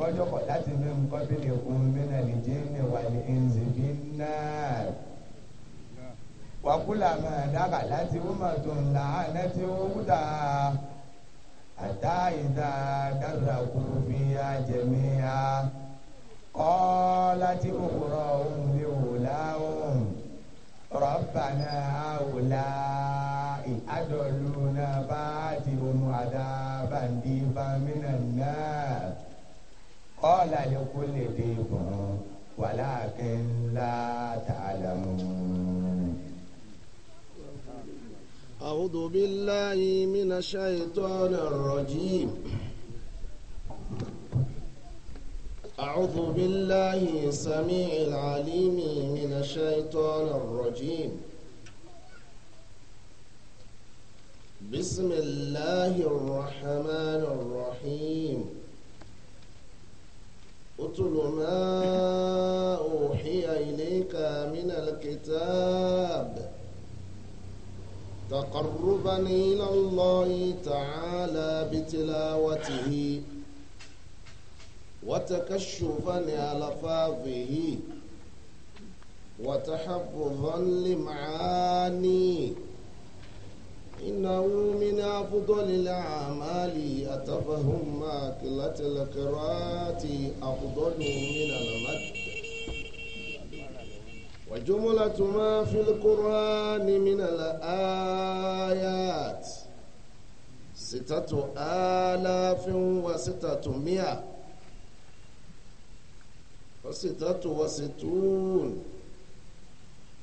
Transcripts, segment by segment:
kọjọkọ láti fi nǹkan bí lè kún bí náà lè jẹ ní wà ní ẹnzẹ bí náà wàkúlà máa dábàá láti wúmọ tó ń là á láti owó dà àtà ìdá dára kú fi àjẹmí a kọ́ láti òwúrọ̀ òun lè wò láwọn rọ́bànà àwòlá ìádọ́lù náà bá ti ohun àdá bàǹdí bàmínà náà kọ́ọ̀lá yòókù lè dé ìbọn wàláàkín látàlámùn. أعوذ بالله من الشيطان الرجيم أعوذ بالله السميع العليم من الشيطان الرجيم بسم الله الرحمن الرحيم اتل ما أوحي إليك من الكتاب تقربا إلى الله تعالى بتلاوته وتكشفا لألفاظه وتحفظا لمعانيه إنه من أفضل الأعمال أتفهم أكلة القراءة أفضل من المد وجملة ما في القرآن من الآيات ستة آلاف وستة مئة وستة وستون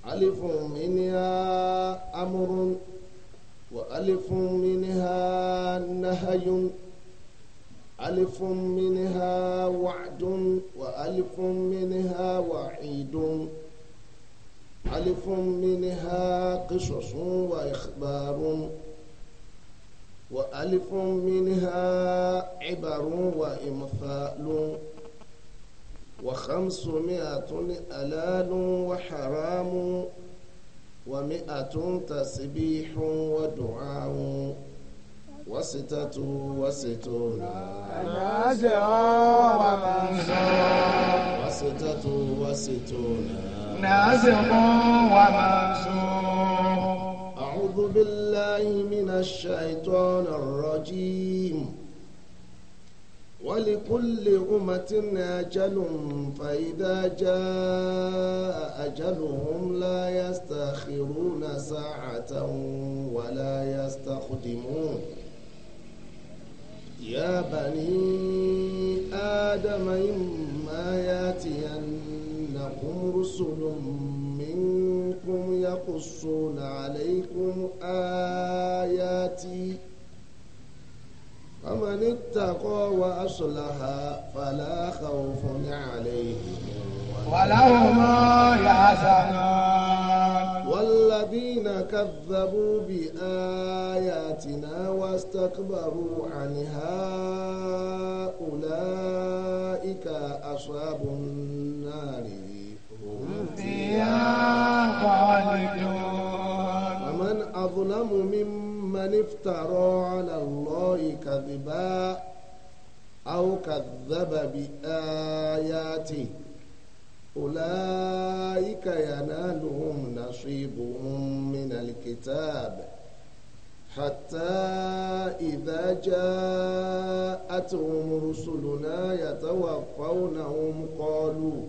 ألف منها أمر ألف منها نهي ألف منها وعد وألف منها وعيد ألف منها قصص وإخبار وألف منها عبر وإمثال وخمسمائة ألال وحرام ومئة تسبيح ودعاء وستة وستون نازعا ومنصور وستة وستون نازق ومنصور أعوذ بالله من الشيطان الرجيم ولكل أمة أجل فإذا جاء أجلهم لا يستأخرون ساعة ولا يستخدمون يا بني آدم إما يأتينكم رسل منكم يقصون عليكم آياتي ومن اتقى وأصلها فلا خوف عليهم ولهما يحسنان والذين كذبوا بآياتنا واستكبروا عنها أولئك أصحاب النار هم فيها خالدون ومن أظلم ممن من افترى على الله كذبا أو كذب بآياته أولئك ينالهم نصيبهم من الكتاب حتى إذا جاءتهم رسلنا يتوفونهم قالوا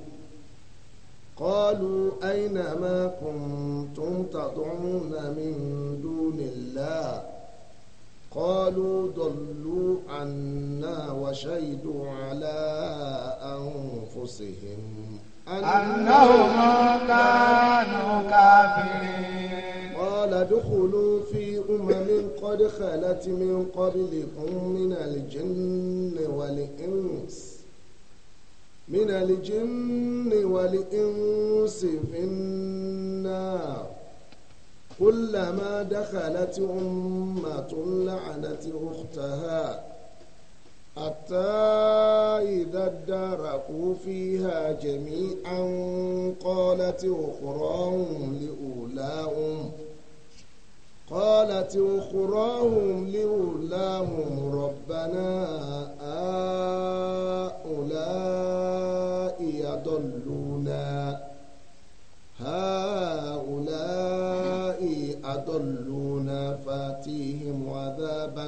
قالوا أين ما كنتم تدعون من دون الله قالوا ضلوا عنا وشهدوا على أنفسهم أنهم كانوا كافرين قال ادخلوا في أمم قد خلت من قبلكم من الجن والإنس من الجن والإنس في النار كلما دخلت أمة لعنت أختها حتى إذا اداركوا فيها جميعا قالت أخراهم لأولاهم قالت أخراهم لأولاهم ربنا هؤلاء يضلونا هؤلاء أضلونا فاتيهم عذابا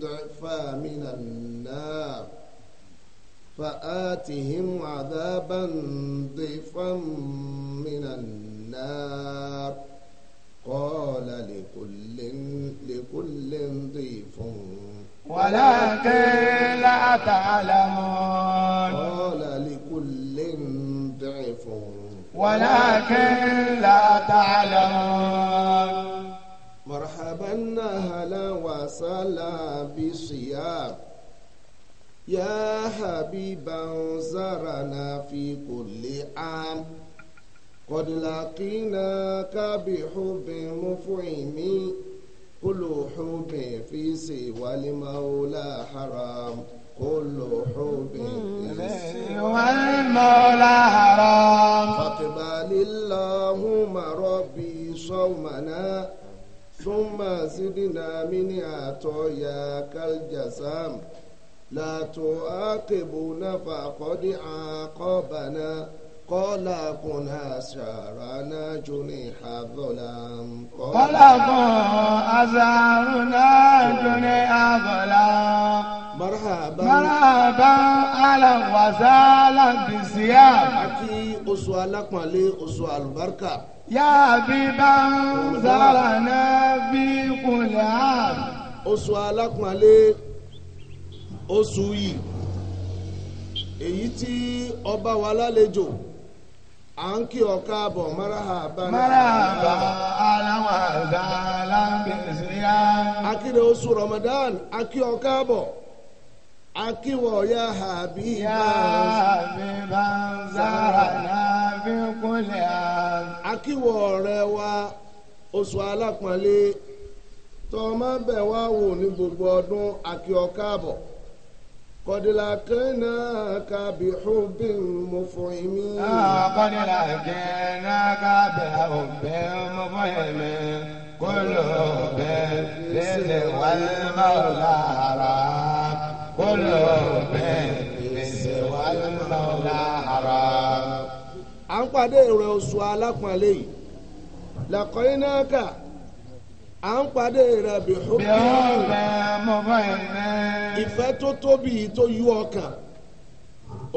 ضعفا من النار فآتهم عذابا ضعفا من النار قال لكل لكل ضيف ولكن لا تعلمون قال لكل ضعف ولكن لا تعلمون مرحبا هلا وسهلا بصياب يا حبيبا زرنا في كل عام قد لقيناك بحب مفعم كل حب في سوى المولى حرام كل حب في سوى المولى حرام فاقبل اللهم ربي صومنا ثم زدنا من عطاياك الجسام لا تعاقبنا فقد عاقبنا قال كنا سرنا جنيح ظلام قال كنا سرنا جنيح ظلام مرحبا مرحبا على وسهلا بالزيارة àti oṣù alápọ̀nlé oṣù àlùbáríkà. yá bíbá ń sára náà bí kùnlẹ̀ á. oṣù alápọ̀nlé oṣù yìí èyí tí ọba wa lálejò. abọ mara kí abalị mara marahaba. marahaba aláwọ̀ àgbà aláǹkẹ̀síyá. akéde oṣù Ramadan a kí ọ káàbọ̀ akíwọ̀ ya habi. ya bi banzara ya kúlẹ̀. akíwọ̀ ọ̀rẹ́ wa oṣù alápọ̀nlé tọ́ ọ má bẹ̀ wá wò gbogbo ọdún a kí قد لقيناك بحب مفعم آه قد لقيناك بحب مفعم كل بالرزق والمولى حرام كل بالرزق والمولى حرام à ń pàdé rẹ̀ oṣù à ń pàdé rẹ̀ bí ó bí ọ̀rẹ́ mo bá yẹn náà. ìfẹ́ tó tóbi tó yú ọkàn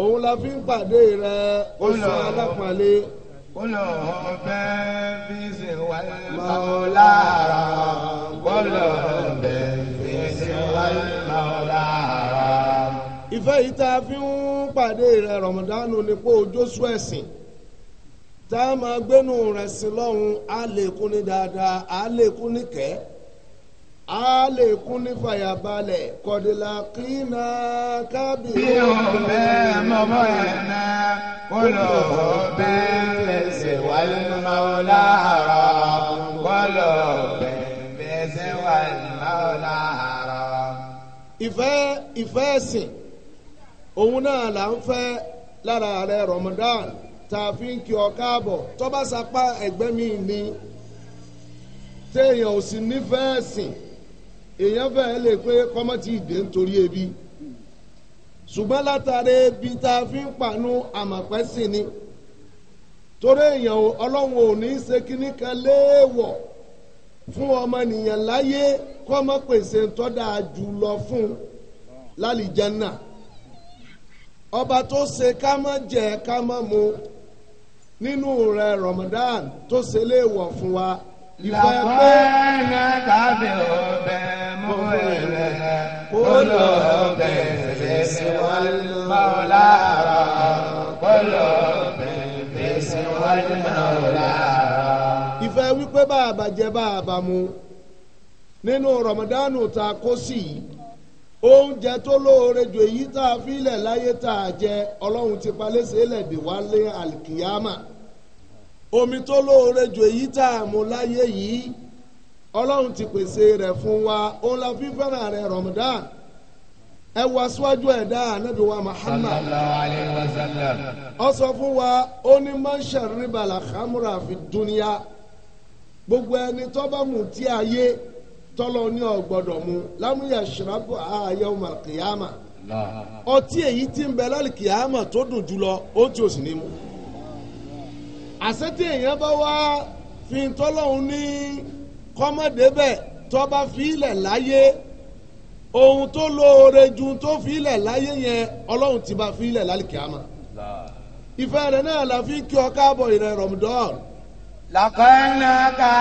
òun la fi ń pàdé rẹ̀ oṣù alápàlẹ. Kolo bẹ fi se wale maulara. Kolo bẹ fi se wale maulara. Ìfẹ́ yìí tá a fi ń pàdé rẹ̀ Rọ̀mọ̀dánù ni pé ojú sùn ẹ̀sìn. tá a máa gbénu rẹ̀ sí lọ́hùn á lè kún ní dáadáa á lè kún ní kẹ́ á lè kún ní fàyàbalẹ̀ kọ̀dìlà kí na kábì. bí òun bẹ́ẹ̀ mọ́mọ́ yẹn náà kó lọ bẹ́ẹ̀ fẹsẹ̀ wáyé máa láàárọ̀ kó lọ bẹ́ẹ̀ fẹsẹ̀ wáyé máa láàárọ̀. ìfẹ́ ìfẹ́ ẹ̀sìn òun náà là ń fẹ́ lára rẹ̀ Ramadan. tá ń kí ọ tọba mi ni téèyàn ò sì nífẹ̀ẹ́ sìn èèyàn fẹ́ẹ́ lè pé kọ́mọ́tì ìdè nítorí ebi ṣùgbọ́n látàrí ebi pàánù sìn ni torí èèyàn ọlọ́run ò ní í ṣe kíní kan léèwọ̀ fún ọmọnìyàn láyé lọ ọba tó ṣe ká jẹ ká nínú rẹ Ramadan tó ṣe lè wọ̀ fún wa. ìfẹ́ pé làkọ́ẹ̀nà tàbí ọbẹ̀ mú ẹ̀rẹ̀ kó lọ bẹ̀rẹ̀ fèsì wọn máa lára kó lọ bẹ̀rẹ̀ fèsì wọn máa lára. ìfẹ́ wípé bá a bàjẹ́ bá a bá mu nínú Ramadan ta kó sí i oúnjẹ tó lóore jù èyí tá a fi lẹ̀ láyé tá a jẹ ọlọ́run ti palẹ́sẹ̀ lẹ̀dẹ̀ wá lé alikiyama. omi tó lóore ju èyí tá a mú láyé yìí ọlọ́run ti pèsè rẹ̀ fún wa òun la fi fẹ́ràn rẹ̀ Ramadan ẹ wá síwájú wa Muhammad sọ fún wa ó ní la fi dunya gbogbo ẹni tó bá mú tí ayé tọ́lọ́ ní ọ̀gbọ́dọ̀ mu lámúyà ṣìràbù yawm al-qiyamah ọtí èyí ti ń bẹ lálẹ́ tó dùn jùlọ ó tí ò sì ní àṣetì èèyàn bá wá fi tọ́lọ́hún ní kọ́mọ́débẹ̀ tó bá fi ilẹ̀ láyé ohun tó lóore ju tó fi ilẹ̀ láyé yẹn ọlọ́run ti bá fi ilẹ̀ lálẹ́ kíámà ìfẹ́ rẹ̀ náà la fi kí ọ káàbọ̀ ìrẹ̀ rọ̀mùdọ́ọ̀nù lakana ka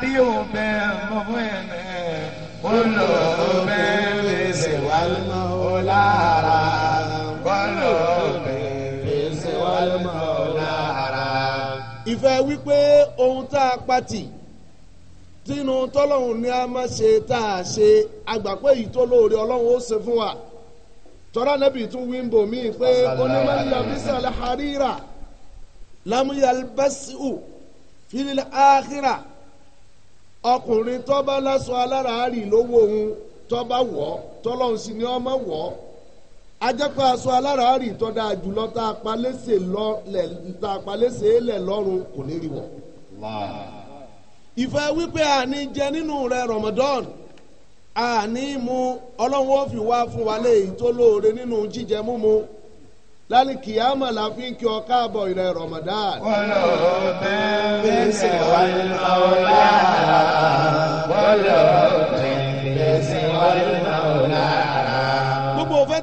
bi obe mọfẹnẹ kolo obe fese walima o lara kolo obe fese walima ìfẹ́ wípé ohun tá a pati tínú tọ́lọ́hún ni a máa ṣe tá a ṣe àgbàpẹ́ yìí tó lóore ọlọ́run ó ṣe fún wa tọ́lá nẹ́bí tún wí ń bò mí pé onímọ̀ yabisa alharira lamuyalbasiu filil ọkùnrin tọ́ba lásọ aláràárì lówó òun tọ́ba wọ̀ tọ́lọ́hún sì ni ọmọ wọ̀ ọ́. ajẹ́pẹ́ aṣọ aláràárì tó jùlọ tá a palẹ́sẹ̀ lẹ̀ tá lọ́rùn kò ní rí ìfẹ́ wípé àní jẹ nínú rẹ Ramadan àní mu ọlọ́run ó fi wá fún wa léyìí tó lóore nínú jíjẹ múmu lálẹ́ kìámà la fi ń kí ọ káàbọ̀ rẹ Ramadan. wọ́lọ̀ bẹ́ẹ̀ ọ̀la wọ́lọ̀ bẹ́ẹ̀.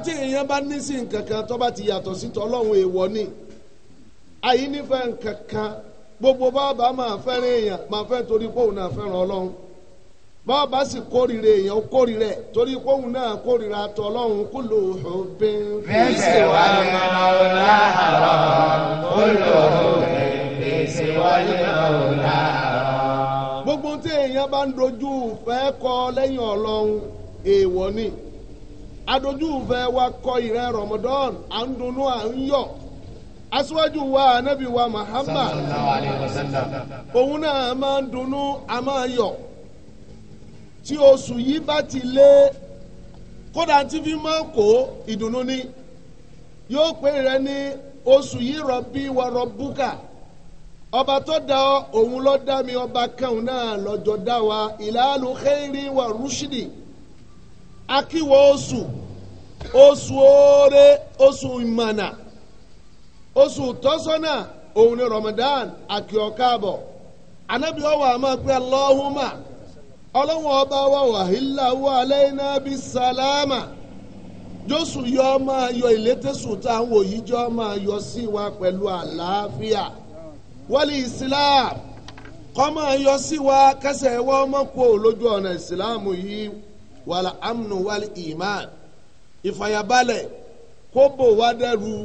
tí èèyàn bá ní sí nǹkan kan tó bá ti yàtọ̀ sí tọ́lọ́hún èèwọ̀ ni àyí nǹkan kan gbogbo bàbá máa fẹ́ràn èèyàn máa fẹ́ torí pé òun náà fẹ́ràn ọlọ́run bàbá sì kórìíra torí pé òun náà kórìíra tọ́lọ́hún bí. ní ọ̀la àrọ̀ ní ọ̀la gbogbo tí èèyàn bá ń dojú fẹ́ kọ lẹ́yìn ni. adójúfẹ́ wa kọ ìrẹ́ Ramadan à ń dunnú à ń yọ̀ aṣíwájú wa anabi wa Muhammad òun náà máa ń dunnú a máa yọ̀ tí oṣù yìí bá ti lé kódà tí fi máa kó ìdùnnú ni yóò pé rẹ ní oṣù yìí rọbí wa rọbúkà ọba tó dá ọ òun ló dá mi ọba kan náà lọ́jọ́ dá wa ìlàlù khairi wa rúṣìdì. akíwọ osu, osu oore osu imana, osu tọ́sọ́nà òun Ramadan àkì ọ̀kaàbọ̀ anabi ọwọ́ àmọ́ pé Allahumma ọlọ́wọ́n ọba wa wahila wa aláìná bí sálámà jósù yọ máa yọ ìlétésù taa òyìn jọ ma yọ si wa pẹ̀lú Alaafia wali Islam kọ́ máa yọ sí wa kẹsẹ̀ wọ́n mọ̀ kó lójú ọ̀nà Islam yi. Wala amnu wali iman ìfàyàbalẹ̀ kó bò wá dẹ́rù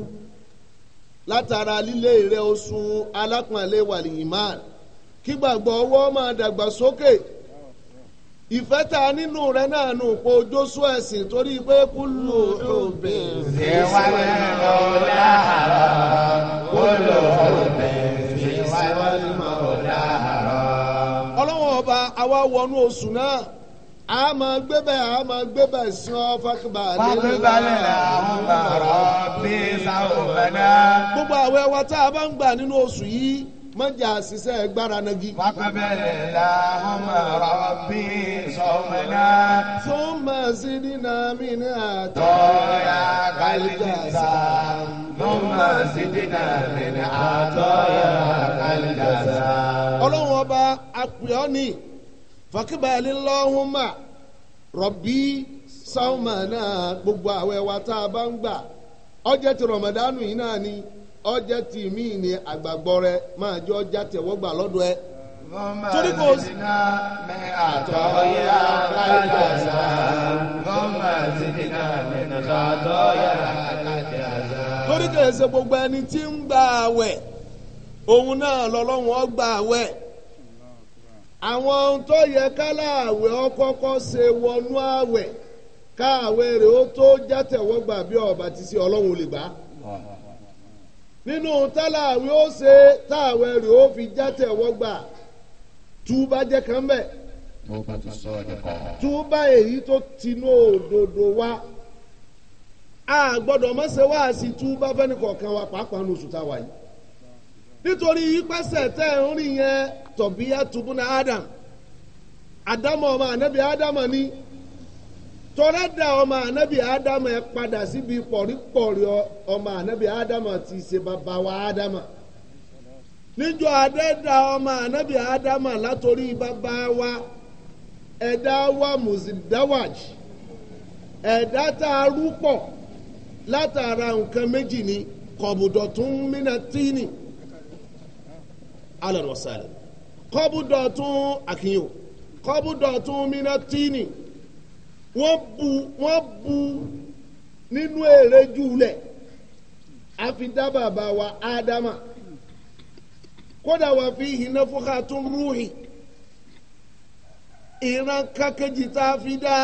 látara lílé rẹ̀ oṣù alápọ̀nlé wàlì iman kí gbàgbọ́ ọwọ́ máa dàgbà sókè ìfẹ́ ta nínú rẹ̀ náà nù pé ojósù ẹ̀sìn torí pé kúlù òbẹ̀. ṣé wàá lọ láàárọ̀ kúlù òbẹ̀ ṣé wàá lọ láàárọ̀. ọlọ́wọ́n ọba àwa wọnú oṣù náà. a ma gbé bẹ́ẹ̀ a bẹ́ẹ̀ ọ fákìbà lẹ́yìn. fákìbà lẹ́yìn àwọn gbogbo tá a bá ń gbà nínú oṣù yìí mọ̀jà ṣiṣẹ́ gbára nagi. fákìbà lẹ́yìn àwọn bàrọ̀ mi ní àtọ́ ya kálíjà sá. ní àtọ́ ya ọlọ́run ọba àpè ọ́ ni. fàkìbàlì lọ́hùnmá rọ̀bí sáùmà náà gbogbo àwẹ̀ wa tá a bá ń gbà ọjẹ́ ti rọ̀mọ̀dánù yìí náà ni ọjẹ́ ti míì ni àgbàgbọ́ rẹ máa jẹ́ ọjà tẹ̀wọ́gbà lọ́dọ̀ ẹ. torí kò sí. gbogbo ẹni tí ń gbà àwẹ̀ òun náà gbà àwẹ̀. àwọn ohun tó yẹ káláàwẹ̀ ọkọ́kọ́ ṣe wọnú àwẹ̀ káàwẹ̀ rẹ̀ ó tó játẹ̀wọ́gbà bí ọba ti ṣe ọlọ́run lè gbà nínú táláàwẹ̀ ó ṣe táàwẹ̀ rẹ̀ ó fi játẹ̀wọ́gbà túbá jẹ́ kan bẹ́ẹ̀ túbá èyí tó tinú òdodo wá a gbọ́dọ̀ mọ́sẹ̀ wá sí túbá fẹ́ni kọ̀ọ̀kan wa pàápàá ní oṣù táwa yìí nítorí yípasẹ̀ tẹ́ ń rí yẹn tọ̀bíyá tubú na adam àdámọ̀ ọmọ ànábì ádámọ̀ ni tọ́lẹ́dà ọmọ ànábì ádámọ̀ ẹ padà síbi pọ̀rípọ̀rí ọmọ ànábì ádámọ̀ ti ṣe bàbá wa ádámọ̀ níjọ àdẹ́dà ọmọ ànábì ádámọ̀ látòrí bàbá wa ẹ̀dá wa mùsùlùmáwàj ẹ̀dá tá a rú pọ̀ látara nǹkan méjì ni kọ̀bùdọ̀tún mínà tíìnì alẹ́ rọ̀ sálẹ̀ kọ́búdọ̀tún àkìyàn kọ́búdọ̀tún mínátínì wọ́n bu wọ́n bu nínú èrè júlẹ̀ àfidábàbà wa ádámà kódà wà fi hìnà fúkà tún rúhì ìran kákejì tá a fi dá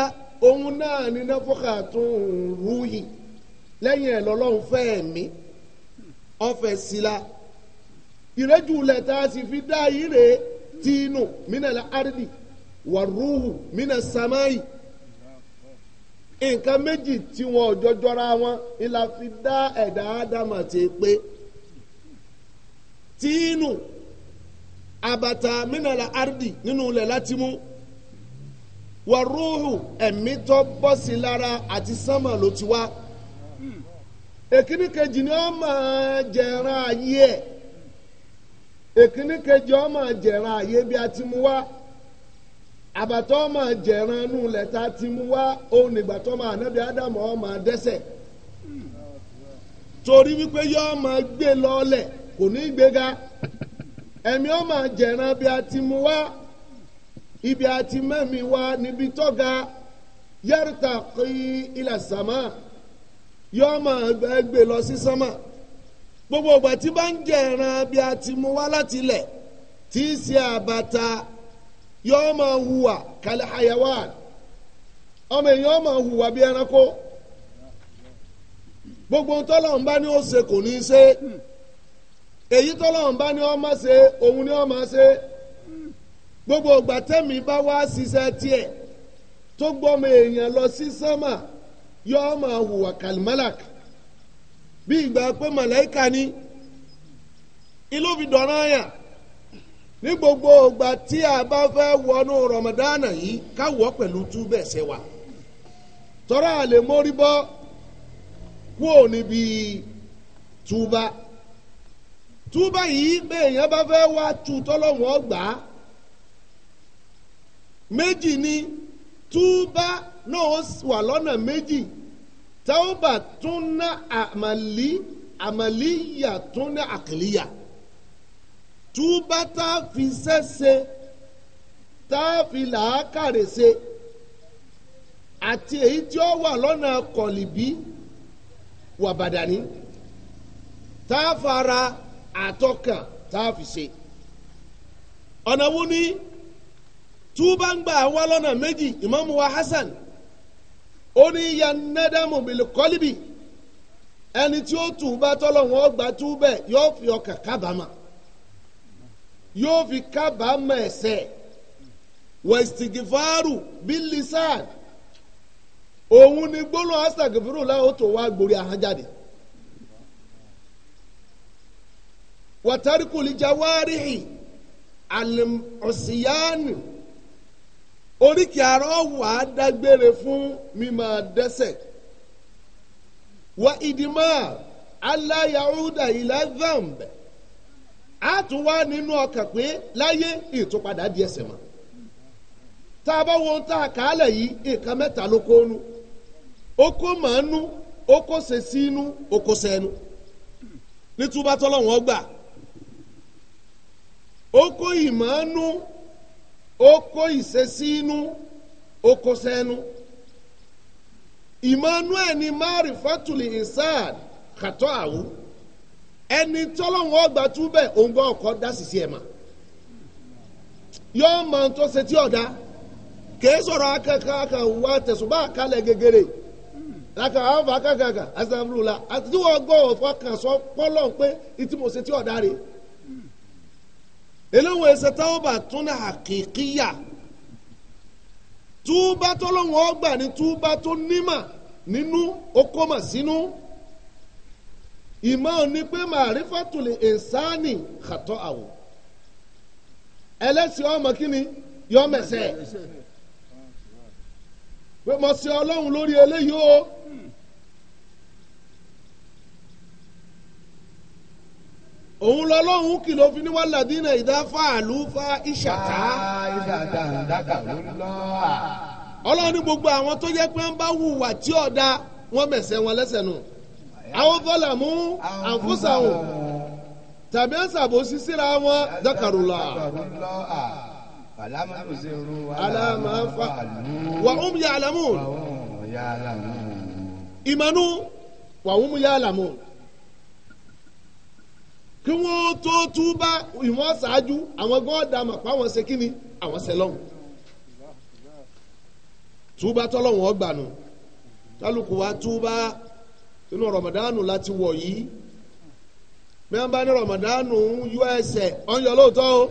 òun náà ní náfọ́kà tún rúhì lẹ́yìn ẹ̀ lọ́lọ́run fẹ́ mi ọ̀fẹ́ sí la ìrẹ́jù sì fi dá yìí rèé tíínù mínà lárdì wàrúhù mínà samáì nǹkan méjì tí wọn ò jọjọra wọn ila fi dá ẹ̀dá ádámà ti pé tíínù àbàtà mínà lárdì nínú ilẹ̀ láti mú wàrúhù ẹ̀mí tó bọ́ sí lára àti sánmà ló ti wá èkíní kejì ni wọ́n máa jẹran ayé ẹ̀. èkíní kejì ọmọ jẹran àyè bí a ti mú wá àbàtọ́ ọmọ jẹran nù lẹ́ta ti mú wá òun nígbà tó ọmọ ànábì ádámù ọmọ dẹ́sẹ̀ torí wípé yọ ọmọ gbé lọ́ọ̀lẹ̀ kò ní gbéga ẹ̀mí ọmọ jẹran bí a ti mú wá ibi a ti mẹ́mi wá níbi tọ́ga yẹ́rìtà kí ilà sàmà yọ ọmọ ẹgbẹ́ lọ sí sánmà. Si gbogbo ìgbà tí bá ń jẹ ẹran bí a ti wá láti ilẹ̀ tí í ṣe àbàtà yóò máa hùwà kàlẹ́ àyẹ̀wò ọmọ èèyàn máa hùwà bí ẹranko gbogbo tọ́lọ́run bá ní ó kò ní í ṣe èyí bá ní ṣe òun ní gbogbo bá wá bí ìgbà pé màláìka ni ilé òfin dọ̀rọ̀ yàn ní gbogbo ìgbà tí a bá fẹ́ wọnú rọmọdánà yìí káwọ́ pẹ̀lú túbẹ̀ ṣe wa tọ́ra àlè mórí bọ́ kúò níbi túbà túbà yìí bá fẹ́ wá tu ni túbà náà wà lọ́nà tàwùbà tún ná àmàlí àmàlíyà tún ná àkìlíyà túbà tá a fi sẹ́sẹ́ tá a fi làákàrè ṣe àti èyí tí ó wà lọ́nà kọ̀lìbí wà bàdàní tá a fara àtọkàn tá a fi ṣe ọ̀nà wo ni túbà ń gbà wá lọ́nà méjì ìmáàmù wa Hasan. ó ní ya nẹ́dàmù bìlì kọ́líbì ẹni tí ó tù bá tọ́lọ̀ wọn gbà tú bẹ́ẹ̀ yóò fi ọkàn kábàámà yóò fi kábàámà ẹ̀ṣẹ̀ wẹ̀sìtìgìfáàrù bílí òun ni gbólóhùn láwọn tó wá jáde. alim ọ̀sìyánu. oríkì ara ọ̀wà dágbére fún mímọ dẹ́ṣẹ̀ wọ ìdìmọ̀ aláyàúdà ìlàvàmbẹ̀ á tún wá nínú ọkàn pé láyé ìtúpadà di ẹ̀ṣẹ̀ mọ́ tá a bá wo tá a kà yìí nǹkan mẹ́ta ló kó nu ó kó màánú batọlọ ṣe sínú ó kó sẹ́nu gbà oko kó inu inú ó Emmanuel ni mari fatuli isad kàtọ́ awụ ẹni tọ́lọ́wọ́n ọgbà túbẹ̀ òǹgbà ọkọ̀ dásìsí ẹ̀ mà yọ́ọ́ mọ tó ṣe tí ọ̀dà kìí sọ̀rọ̀ akẹ́kọ̀ọ́ wa tẹ̀sùbá kalẹ̀ gegere laka àwọn akẹ́kọ̀ọ́ aka àti tí wọ́n gbọ́ ọ̀fọ̀ kàn sọ pọ́lọ̀ pé ìtí ṣe tí eléwọ̀n ẹsẹ̀ táwọ́bà tún ní àkìkíyà túbá tọ́lọ́wọ́n ọgbà ní túbá tó nímà nínú okòmà sínú ìmọ̀ ni pé màrífàtúlẹ̀ ẹ̀sánì kàtọ́ àwọ̀ ẹlẹ́sìn ọmọ kínni yọmẹsẹ̀ pé mo ṣe ọlọ́run lórí eléyìí o. òun lọ́lọ́hún kìlọ̀ fi ní wà ládínà ìdáfà àlùfà ìṣàtà. ìṣàtà ìdáka ló ń lọ. ọlọ́run ní gbogbo àwọn tó yẹ pé ń bá hùwà tí ọ̀dà wọ́n bẹ̀sẹ̀ wọn lẹ́sẹ̀ nù. àwọn fọlá mú àǹfọ̀sàwọ̀n tàbí àṣàbò sísíra wọn dákàrúlà. alámàfà wà ó mu yà àlámù. ìmọ̀nù wà ó mu yà àlámù kí wọ́n tó túbá ìwọ́n ṣáájú àwọn gan dàmà pa àwọn ṣe kíni àwọn ṣe lọ́hùn túbá tọ́lọ́hùn ọgbà nù kálukú wa túbá inú rọmọdánù láti wọ̀ yìí mẹ́wọ́n bá ní rọmọdánù ń yọ ẹsẹ̀ ọ̀nyọ́ lóòótọ́ o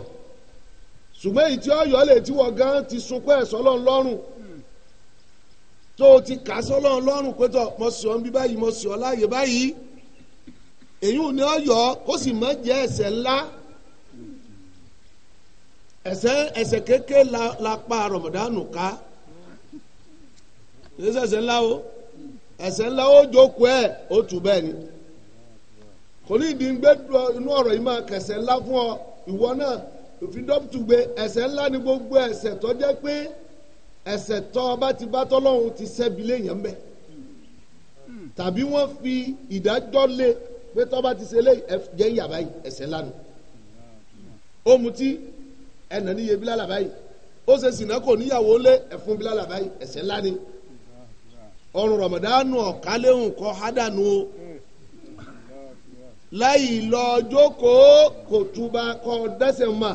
ṣùgbọ́n èyí tí ọ̀yọ́ lè ti wọ̀ gan ti sunkún ẹ̀sọ́ lọ́n lọ́rùn tó ti kà sọ́lọ́n lọ́rùn pé mọ̀ sí ọ́n bí báyìí mọ̀ sí ọ́ láàyè báyìí èyí ò ní ọyọ kó sì má jẹ́ ẹ̀ṣẹ̀ ńlá ẹ̀ṣẹ̀ ẹ̀ṣẹ̀ kékeré la la pa rọmọdánù ká ẹ̀ṣẹ̀ ẹ̀ṣẹ̀ ńlá o ẹ̀ṣẹ̀ ńlá ó jókòó ẹ ó tù bẹ́ẹ̀ ni kò ní ìdí gbé inú ọ̀rọ̀ yìí máa kẹ̀ṣẹ̀ ńlá fún ọ ìwọ náà òfin dọ́pùtùgbé ẹ̀ṣẹ̀ ńlá ni gbogbo ẹ̀ṣẹ̀ tó jẹ́ pé ẹ̀ṣẹ̀ tó ọba ti bá tọ́lọ́hún ti ṣẹ́bi léèyàn bẹ́ẹ̀ tàbí wọ́n fi ìdájọ́ lé pé tọ́ba ti ṣe eléyìí jẹ́ ìyà báyìí ẹ̀ṣẹ̀ ńlá nu ó mutí ẹnà níye bílálà báyìí ó ṣe sìnà kò níyàwó lé ẹ̀fún bílálà báyìí ẹ̀ṣẹ̀ ńlá ni ọrùn rọ̀mọ̀dánù ọ̀kálẹ́hùn kọ́ hádànù o láì lọ jókòó kò túba kọ́ dẹ́sẹ̀ mà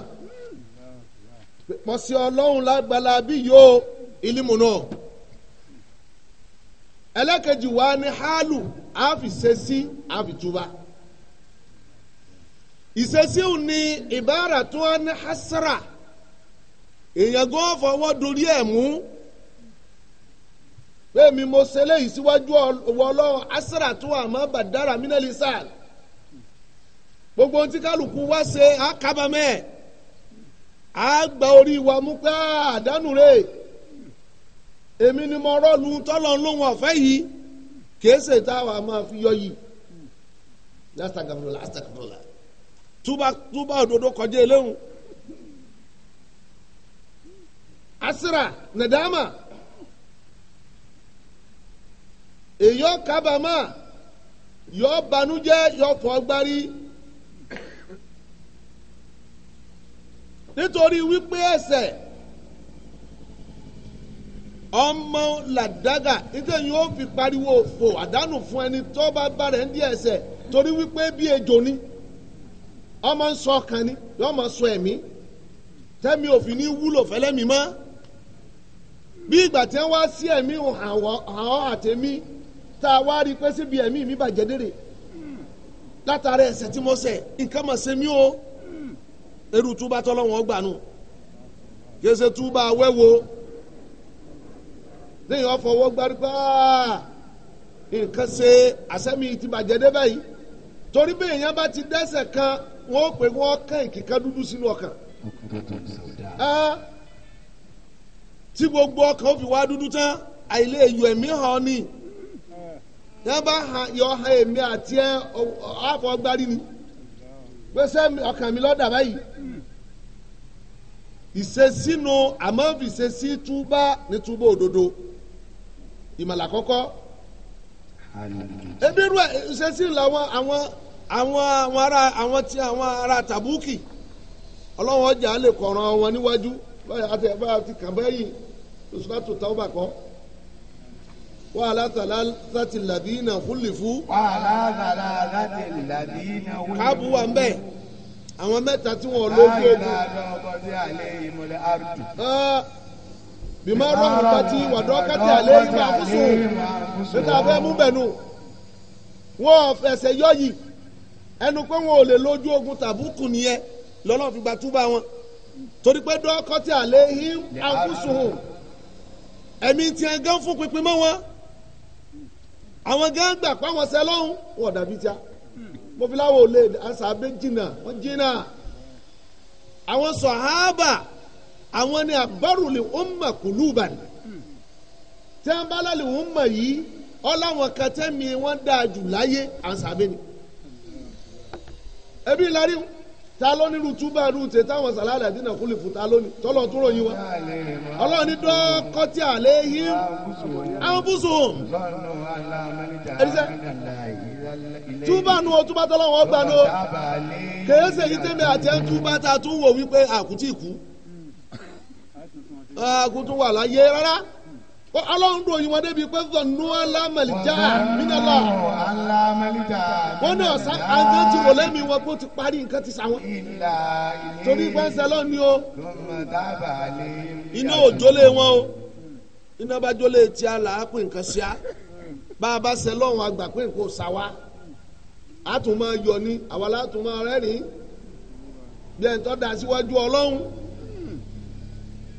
mọ̀ ọlọ́run lágbàlá bí yóò ilé mu ẹlẹ́kejì wa ni hálù àfìsẹ́sí àfìtúbà ìsẹ́síhùn ni ìbára tó wá ní hasra èèyàn gan fọwọ́ dorí ẹ̀ mú bẹ́ẹ̀ mi mo ṣe léyìí síwájú ọlọ́run hasra tó wà má bàdára mínẹ́lì sáà gbogbo ohun tí kálukú wá ṣe àkábàámẹ́ àgbà orí wa mú pé ah, àdánù rèé. èmi ni mo rọ́ọ̀lù tọ́lọ̀ lóhun ọ̀fẹ́ yìí kèése táwa máa fi yọ yìí lásìtàgàfọlá lásìtàgàfọlá túbà túbà òdodo kọjá eléhùn asira nadama èyọ kábàámà yọ banújẹ́ yọ fọgbárí nítorí wípé ẹ̀ṣẹ̀. ọmọ làdágà nítorí yóò fi pariwo òfò àdánù fún ẹni tó bá bá rẹ̀ ń di ẹsẹ̀ torí wípé bí ejò ni ọmọ ń sọ ọkàn ni yóò máa sọ ẹ̀mí tẹ́mi òfin ní wúlò fẹ́lẹ́mi mọ́ bí ìgbà tí wọ́n wá sí ẹ̀mí àwọn àtẹ̀mí tá a wá rí pé síbi ẹ̀mí mi bàjẹ́ dèrè látara ẹ̀ṣẹ̀ tí mo ṣẹ̀ nǹkan mọ̀ ṣe mí o eru túbà tọ́lọ́wọ́n gbà nù kí ẹ ṣe túbà wẹ́wo téèyàn fọwọ́ gbárùgbà ah, nǹkan ṣe àṣẹ́mi ti bàjẹ́ dé báyìí torí bí èèyàn bá ti dẹ́ṣẹ̀ kan wọ́n pè wọ́n kàn ìkìkan dúdú sínú ọkàn ah, tí gbogbo ọkàn ó fi wá dúdú tán àìlè èyù ẹ̀mí hàn ni yẹn bá yọ ọhàn èmi àti ẹ àfọgbárí ni gbèsè ọkàn mi lọ́dà báyìí ìṣesí àmọ́ ìṣesí túbá ní túbá òdodo ìmọ̀lá kọ́kọ́ ebi irú làwọn àwọn àwọn àwọn ará àwọn tí àwọn ará tàbúkì ọlọ́wọ́n ọjà lè kọ̀ràn wọn níwájú báyà àti báyà ti kàn bẹ́yìn lọ́sọ̀tò táwọn bà kọ́ wàhálà tàlàtì làdínà kúlìfù. wàhálà tàlàtì làdínà kúlìfù. káàbù wà ń bẹ̀ àwọn mẹ́ta tí wọ́n lójú ogun. báyìí náà lọ́kọ̀ọ́ sí àlẹ́ ìmọ̀lẹ́ àrùtù. Ah, bímọ rọrùn pàtí wọ̀dọ́ kẹtì àlẹ́ ìgbà àkóso níta fẹ́ mú bẹ̀nu wọn fẹsẹ̀ yọ yìí ẹnu pé wọn ò lè lójú ogun tàbùkù nìyẹn lọ́nà fi gba túbà wọn torí pé dọ́kọ́ tí àlẹ́ yìí àkóso ẹ̀mí tiẹ̀ gán fún pinpin mọ́ wọn àwọn gán gbà pé àwọn sẹ́lọ́hún wọn dàbí tíá mo lè àṣà abéjìnà wọn jìnà àwọn sọ̀hábà. So àwọn ni àgbárùlé ọmọ kùlùbàn tí wọn bá lálẹ́ wọn mọ̀ yìí ọláwọn kan tẹ́mi wọn dáa jù láyé àǹsàmì ni. ẹbí larí ta ló ní rutúbà rute táwọn sàlálà dínà kúlì fún ta lónìí tọ́lọ̀ tó ròyìn wa ọlọ́run ní dọ́kọ́tì àlẹ́ yìí àwọn bùsù. túbà nu o túbà tọ́lọ́wọ́ gbà nu o kèé sèyí tẹ́mi àti ẹ̀ túbà ta tún wò wípé àkútì kú aago tó wà láyé rárá ọlọ́run dùn òyìnbó débi pé zọ̀nù alámàlìjà mínàlá wọn náà sá àwọn tí wò lẹ́mìí wọn kó ti parí nǹkan ti sàwọn torí pẹ́ńsẹ̀ lọ́ọ̀ ni o iná òjòlé wọn o iná bá jólé tí a là á pè nǹkan sí a bá a bá sẹ lọ́run àgbà pé nǹkan ò sá wa a tún máa yọ ni àwa látún máa rẹ́rìn-ín bí ẹni tó da síwájú ọlọ́run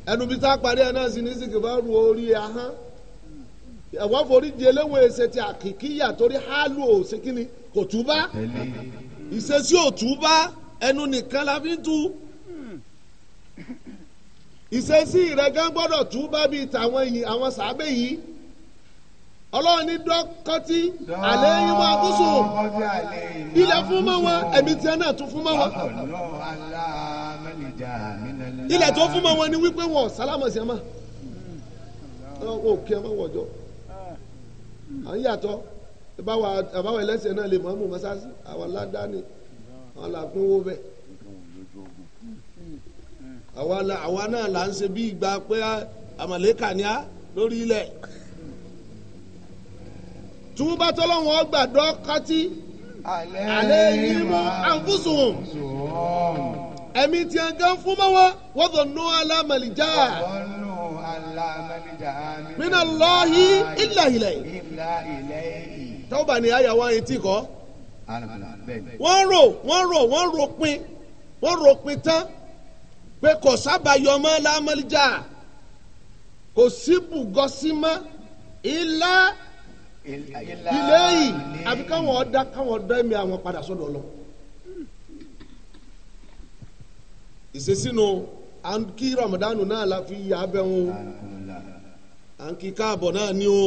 ẹnu bí tá a parí ẹ náà sì ní sìnkì bá ru orí ahọ́n ẹ̀wọ́n forí di eléwọ̀n ẹsẹ̀ ti àkìkíyà torí hálù òsèkínni kò túbá ìṣesí òtúbá ẹnu nìkan la fi ń tu ìṣesí ìrẹ́gán gbọ́dọ̀ túbá bíi tàwọn yìí àwọn sàábẹ̀ yìí ọlọ́run ní dọ́kọ́tì àlẹ́ yín máa kú sùn fún mọ́ wọn ẹ̀mí tiẹ̀ náà tún fún mọ́ wọn. ilẹ̀ tó fún mọ́ wọn ni wípé wọn sálámà sí ọmọ wọn kí ọmọ wọn à ń yàtọ̀ àbáwọ̀ ẹlẹ́sẹ̀ náà lè máa mú mọ́sáàsì àwọn aládàáni àwọn làákún owó àwa náà là ń ṣe bí ìgbà pé àmàlẹ́kà ni á lórí ilẹ̀ gbàdọ́ kátí alẹ́ yìí ẹ̀mí tí a gan fún mọ́ wọn wọ́n tó nù alámàlìjà. wọ́n nù alámàlìjà. min Allahi illa ilayhi. illa ilayhi. tọ́ba ni àyàwó ayé tí kọ́. wọ́n rò wọ́n rò wọ́n rò pin wọ́n rò pin tán pé kò sábàyọ mọ́ alámàlìjà kò sí bùgọ́sí mọ́ ilá ilé yìí àbí káwọn ọ̀dà káwọn ọ̀dà ẹ̀mí àwọn padà sọ́dọ̀ Ọlọ́run. ìṣesí nu à ń kí ramadanu náà la fi yà bẹ́ wọn à ń kí káàbọ̀ náà ni o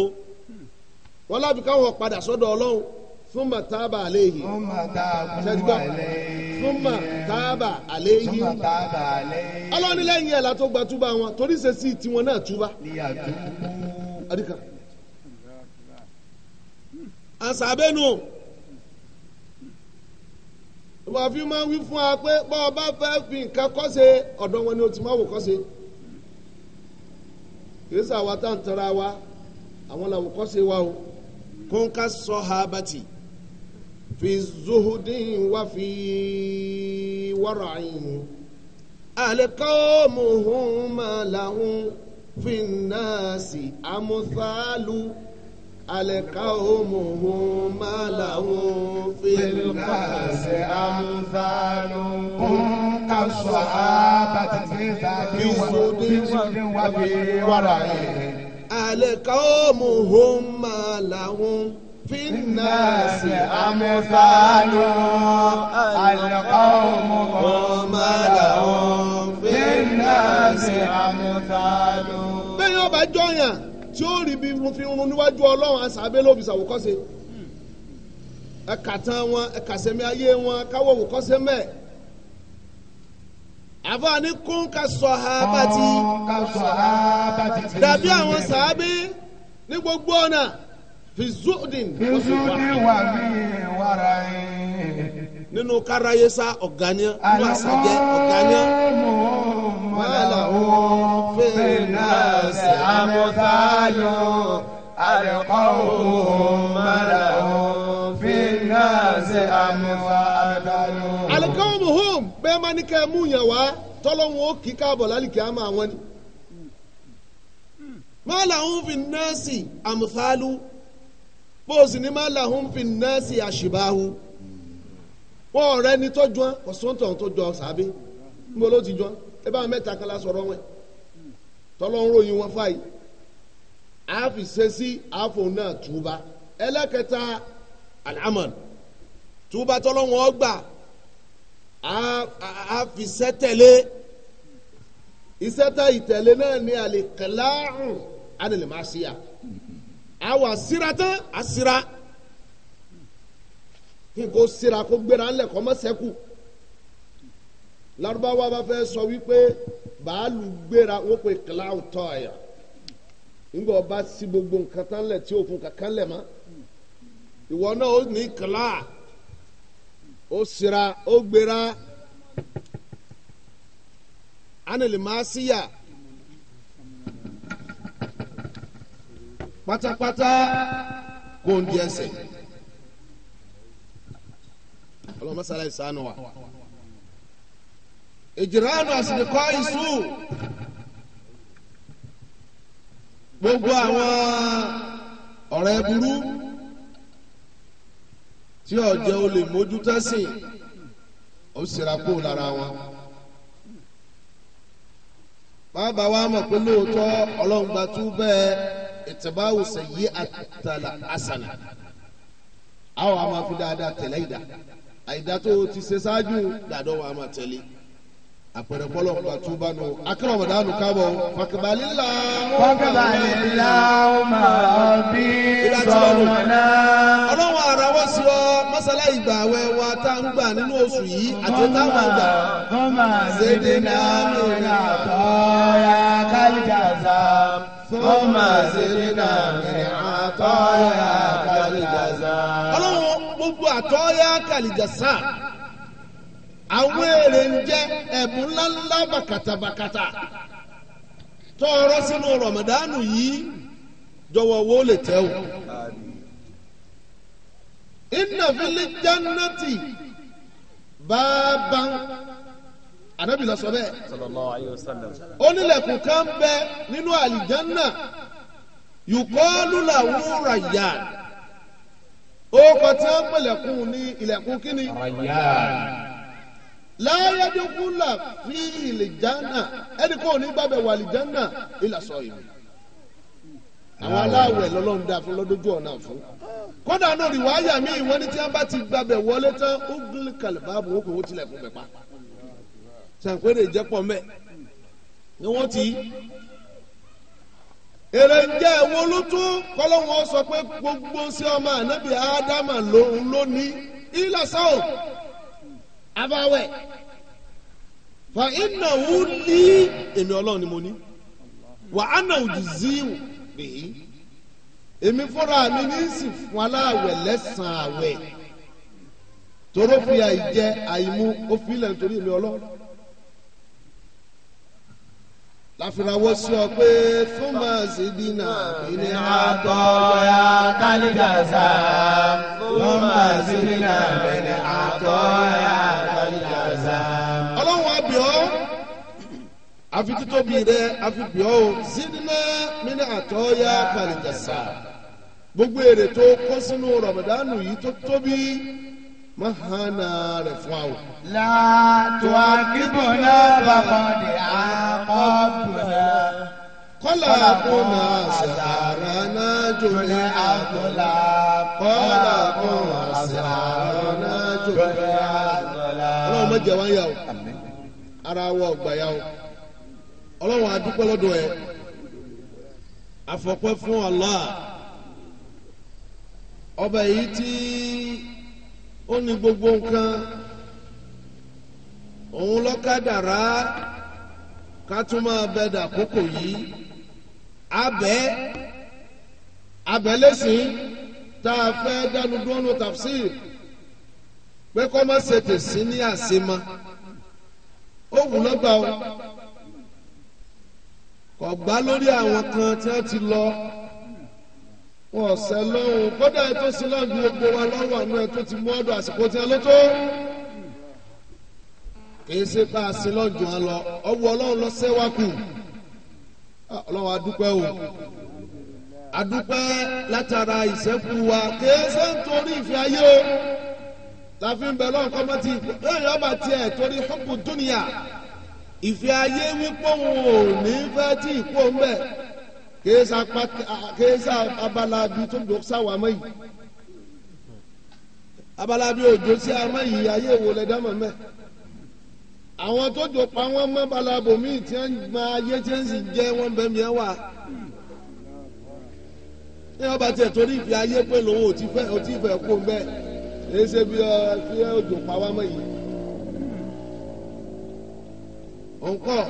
wọn lábì káwọn padà sọ́dọ̀ ọlọ́run súnmà tábà àléyìn súnmà tábà àléyìn ọlọ́run lẹ́yìn ẹ̀ la tó gba túbà wọn torí ìṣesí tiwọn náà túbà àdìkà àṣà abẹ́nu wà fi máa ń wí fún wa pé bá ọ fẹ́ fi nǹkan kọ́ṣe ọ̀dọ̀ wọn ni o ti máa wò kọ́ṣe kìrìsì àwa tá à ń tara wa àwọn làwọn kọ́ṣe wa o kó ń ká sọ ha bàtì fi zuhudin wa fi wọ́rọ̀ àyìn àlekọ́ọ̀mù hùn máa làwọn fi náà sí amúsàálù. ألقومهم ما لهم في القاس أمثالهم كالصحابة في صدر وفي ورع ألقومهم ما لهم في الناس أمثالهم ألقومهم ما لهم في الناس أمثالهم. bẹ́ẹ̀ ni tí ó rí bí mo fi run níwájú ọlọ́run àṣàbẹ́ ló fi ṣàwòkọ́ṣe ẹ̀ka tán wọn ẹ̀ka sẹ́mi ayé wọn káwọ́ òwòkọ́ṣe mẹ́ẹ̀ àfààní kún ka sọ̀hábàtì dàbí àwọn sàábé ní gbogbo ọ̀nà fi zúdìn wà ní wàrà yìí. nínú káráyé sá ọ̀gáníà nínú àṣàjẹ ọ̀gáníà. في الناس أمثال القوم لهم في الناس أمثال القوم هم bẹ́ẹ̀ máa ní kẹ́ ẹ mú yẹn wá tọ́lọ́wọ́n ó kí káàbọ̀ lálìkí àmọ́ àwọn ni. ما لهم في الناس أمثال bó o máa làhùn fi nẹ́ẹ̀sì àṣìbáhu wọn ọ̀rẹ́ ni tọ́jú wọn kò sóńtọ̀ tó jọ sàbí níbo ló ti jọ ẹ bá mẹ́ta kan la sọ̀rọ̀ wọn tọ́lọ́run ròyìn wọn fàyè àáfi sẹ́sí àáfò náà túba ẹlẹ́kẹta alhamed túba tọ́lọ́run ọgbà àáfi sẹ́tẹ̀lé ìsẹ́tà ìtẹ̀lé náà ní àlè kẹlẹ́rùn àdìlẹ̀ máa ṣe à àwa síra tán àsíra kí n kò síra kó gbéra ńlẹ̀ kọ́ mọ́ sẹ́kù bá fẹ́ sọ wípé. bàálù gbéra wọ́n pe cloud tire nígbà ọba si gbogbo nǹkan tán o tí òfun kankan lẹ̀ mọ́ ìwọ náà ó ní cloud ó sira ó gbéra anìlímàásíyà pátápátá kò ń di ẹsẹ̀ ọlọ́mọ sálẹ̀ sànù wa. ìjìránù àsìkò ìṣú gbogbo àwọn ọ̀rẹ́ burú tí ọ̀jẹ̀ olè mójútó sí ó sira kó lára wọn. bàbá wa mọ̀ pé lóòótọ́ ọlọ́run gba tú bẹ́ẹ̀ ìtìbáwò sẹ̀yí àtàlà àsàlà àwọn àmọ́ fi dáadáa tẹ̀lé ìdá àìdá tó ti ṣe ṣáájú dàdọ́ wa máa tẹ̀lé àpẹẹrẹ fọlọ nǹkan tó bá nù akérèmọdánù kábọ fàkìbàlélà. fàkìbàlélà ó máa bí sọmọdá. ọlọ́run ara wá sí ọ mọ́sálá ìgbà àwẹ̀ wa tá ń gbà nínú oṣù yìí àti táwọn àgbà. ọmọ ṣèdè náà mi nà tọ́ya kálíjàzá. ọmọ náà mi nà tọ́ya kálíjàzá. gbogbo àtọ́yá kálíjàzá. àwọn èrè ń ńláńlá bàkàtàbàkàtà tọ́ọ̀rọ̀ sínú rọ̀mọ̀dánù yìí wo lè tẹ́ o. inna fil jannati bàbá anabi lọ sọ bẹ́ẹ̀ onílẹ̀kùn kan bẹ nínú àlìjánà yùkọ́ọ́lù làwọn ràyà ó kọ ní kínní. láyàdókúlà fi ìlìjánà ẹni kò ní gbàgbẹ́ wà ìlìjánà ìlàsọ yìí àwọn ah. aláwẹ̀ lọ́lọ́run dá fún lọ́dójú ọ̀nà fún kódà náà rí wáyà míì wọ́n ní tí wọ́n bá ti gbàgbẹ́ wọlé tán ó gbélé kalẹ̀ báàbò ó kò wọ́n tilẹ̀ fún bẹ́ẹ̀ pa sàǹpẹ́rẹ́ ìjẹ́pọ̀ mẹ́ ni wọ́n ti èrè ń jẹ́ ẹ̀wọ́ ló tún kọ́lọ́wọ́n sọ pé gbogbo sí ọmọ ànábì ádámà lòun lónìí ìlàsọ̀ abawẹ fa iná wù ní èmi ọlọ́run ni mo ní wà á nà òjì zíwù bèyí èmi fúnra mi ní sì fún aláwẹ̀ lẹ́sàn-án àwẹ̀ toró fi àìjẹ àìmú ó fi ilẹ̀ nítorí èmi ọlọ́run. láfirawọ́ sí ọ pé fún màsídínà ìní àtọ́yà kálígàsá fún màsídínà ìní àtọ́yà kálígàsá. ọlọ́run àbíọ́ àfi títóbi rẹ àfi bíọ́ o zidina mini àtọ́yà kálígàsá gbogbo èrè tó kọ́ sínú rọ̀mọ̀dánù yìí tó tóbi. má hànà rẹ̀ fún àwọn. láàtò akíbọ̀nà bàbọ̀dé àkọ́bùnà. kọ́lá kùnà sàrà náà jòlẹ̀ àgọ́là. kọ́lá kùnà sàrà náà jòlẹ̀ àgọ́là. ọlọ́run má jẹ́ o ara wọ ọgbà yà o ọlọ́run adúpẹ́ ẹ̀ fún Allah ọba èyí tí. ó ní gbogbo nǹkan òun lọ́kadàrá ká tún máa bẹ dàkókò yìí abẹ́ abẹ́lẹ́sìn tá a fẹ́ dánu dúró tafsir pé kọ́ má ṣe tèsí ní àṣemá ó wù lọ́gbà o kò gbá lórí àwọn kan tí wọ́n ti lọ wọn ọ̀sẹ̀ lọ́hùn kọ́dà ètò sílọ́ọ̀nù gbogbo wa lọ́wọ́ àánú ẹ̀ tó ti mú ọ̀dọ̀ àsìkò tí ẹ ló tó kì í ṣe bá a sílọ́ọ̀nù jù á lọ lọ sẹ́wà kù ah, ọlọ́run adúpẹ́ o adúpẹ́ látara ìṣẹ́kù wa kì í ṣe ń torí ìfẹ́ ayé o láfi ń bẹ lọ́wọ́ kọ́mọ́tì lóyún ọba tiẹ̀ torí hubbu dunya ìfẹ́ ayé wípé òun ò ní fẹ́ tí ì kéésà abala bi tó dùn sáwà mọ́ yìí abala bi òjò sí amọ́ yìí ayé wo lẹ dámọ̀ mẹ́ àwọn tó dùn pa wọ́n mọ́ balabo míì tí wọ́n máa yé tí wọ́n sì jẹ́ wọ́n bẹ́ẹ̀ mi wà ní ọba tiẹ̀ torí ìfi ayé pé lòun ò ti fẹ́ ò kó bẹ́ẹ̀ èyí ṣe bí ẹ òjò pa wá mọ́ yìí. òǹkọ́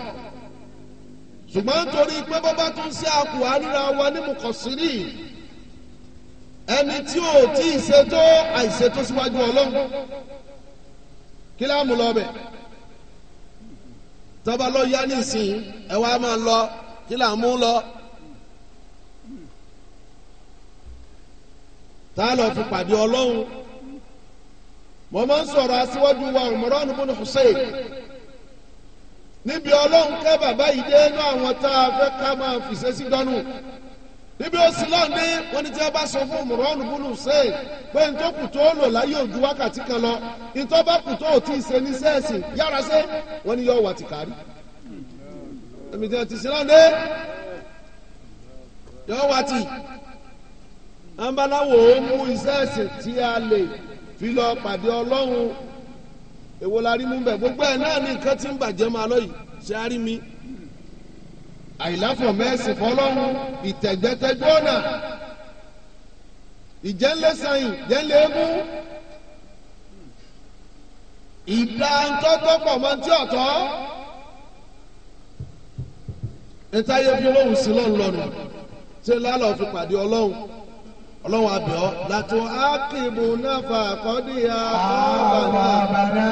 ṣùgbọ́n torí pé bọ́bá tún ṣe àkùwá ríra wa ní mùkọ̀sírì ẹni tí ò tí ì ṣètò àìṣètò síwájú ọlọ́run kí láàmú lọ bẹ̀ tọ́ba lọ yá nísìnyí ẹ wá máa lọ kí láàmú lọ tá a lọ fi pàdé ọlọ́run mo sọ̀rọ̀ aṣíwájú wa Umran ibn Hussein níbi ọlọ́run ká bàbá yìí dé inú àwọn tá a fẹ́ ká máa fìṣe sí dánú níbi òsì náà ní wọn ni tí wọn bá sọ fún mùrọ́ọ̀nù búlù ṣe é pé nítorí kù tó lò láyé ojú wákàtí kan lọ nítorí bá kù tó tí ì ṣe ní sẹ́ẹ̀sì yára ṣe wọn ni yọ wà ti kárí èmi tí wọn ti sí náà dé yọ wà ti àǹbáláwo mú iṣẹ́ tí a lè fi lọ pàdé ọlọ́run èwo la rí mú bẹ́ẹ̀ gbogbo ẹ̀ náà ní nǹkan tí ń bàjẹ́ máa lọ yìí ṣe á rí mi. àìláfọ̀ mẹ́sìn fọlọ́run ìtẹ̀gbẹ́tẹ́gbẹ́ ọ̀nà ìjẹ́lẹ́sẹ̀yìn jẹ́lẹ́gún ìdá ntọ́tọ́pọ̀ mọ́ tí ọ̀tọ́ níta yẹ fi olóhùn sí lọ́nlọ́nù ṣé lálọ́ fi pàdé ọlọ́run ọlọ́run àbíọ́ látò ákìbù náfà kọ́díyà kọ́bàná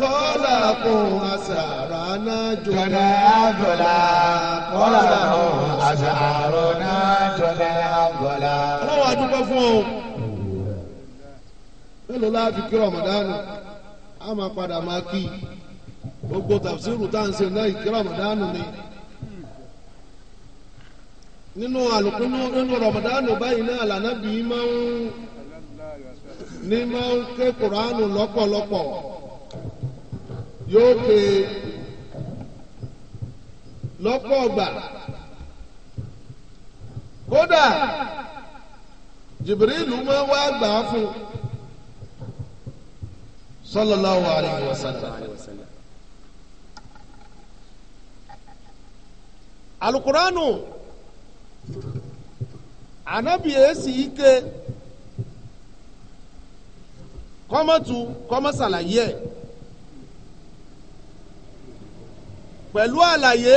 kọ́là kún àṣàrà náà jọlá. jọlá kọ́là kún àṣàrà náà jọlá jọlá. ọlọ́run àdúgbò fún ọ. mélòó la fi kí rọmọdánù a máa padà máa kí gbogbo tàbí sírù tá à ń ṣe náà ìkí rọmọdánù ni. nínú àlùkùnú nínú rọmọdánù báyìí náà lànàbí máa ń ní máa ń ké kùránù lọ́pọ̀lọpọ̀ yóò ké lọ́pọ̀ ọgbà kódà jìbìrìlù máa wá gbà á fún sallallahu alaihi wasallam. Alukuranu anabi si ike kọ́mọ́tù kọ́mọ́sàlàyé ẹ̀ pẹ̀lú àlàyé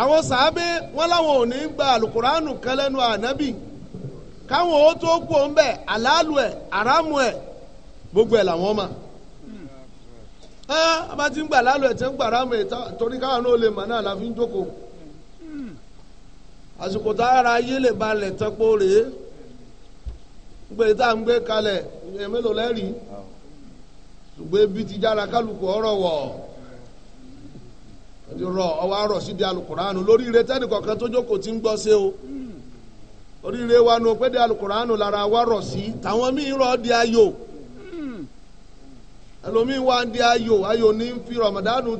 àwọn sàábé wọn làwọn ò ní gba àlùkùránù kan ànábì káwọn ó tó kú òun bẹ́ẹ̀ àlàálù ẹ̀ àràmù ẹ̀ gbogbo ẹ̀ làwọn ma. gbà ẹ̀ àsìkò tá ara ayé lè balẹ̀ tán rèé tá à ń gbé kalẹ̀ ẹ̀ mélòó ṣùgbọ́n ebi ti jára kálukú ọ̀rọ̀ wọ̀ rọ sí di alukuraanu lóríire tẹ́nì kọ̀ọ̀kan tó jókòó ti ń gbọ́ o wa wa rọ̀ sí tàwọn míì rọ̀ di ayò ẹlòmíì di ayò ayò ní fi rọ̀mọ̀dánù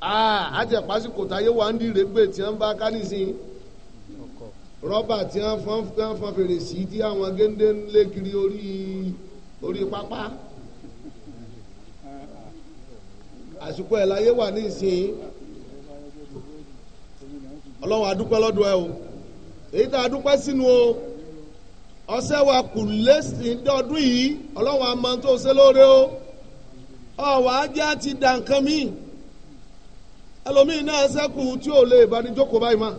àti ah, ẹ̀pásíkò táyé wà ń dìre gbé tí wọ́n bá ká nísìnyí rọ́bà tí wọ́n fọ́n fọ́n fèrè sí tí àwọn géńdé ń lé kiri orí orí pápá àsìkò ẹ̀ láyé wà nísìnyí ọlọ́run adúpẹ́ lọ́dọ̀ ẹ o èyí tá a dúpẹ́ sínú o ọsẹ wa kù lẹ́sìn ọdún yìí ọlọ́run àmọ́ tó ṣe lóore o ọ̀wá ajá ti dà nǹkan ẹlòmíì náà ṣẹ́kù tí ò lè ìbánijókòó báyìí mọ́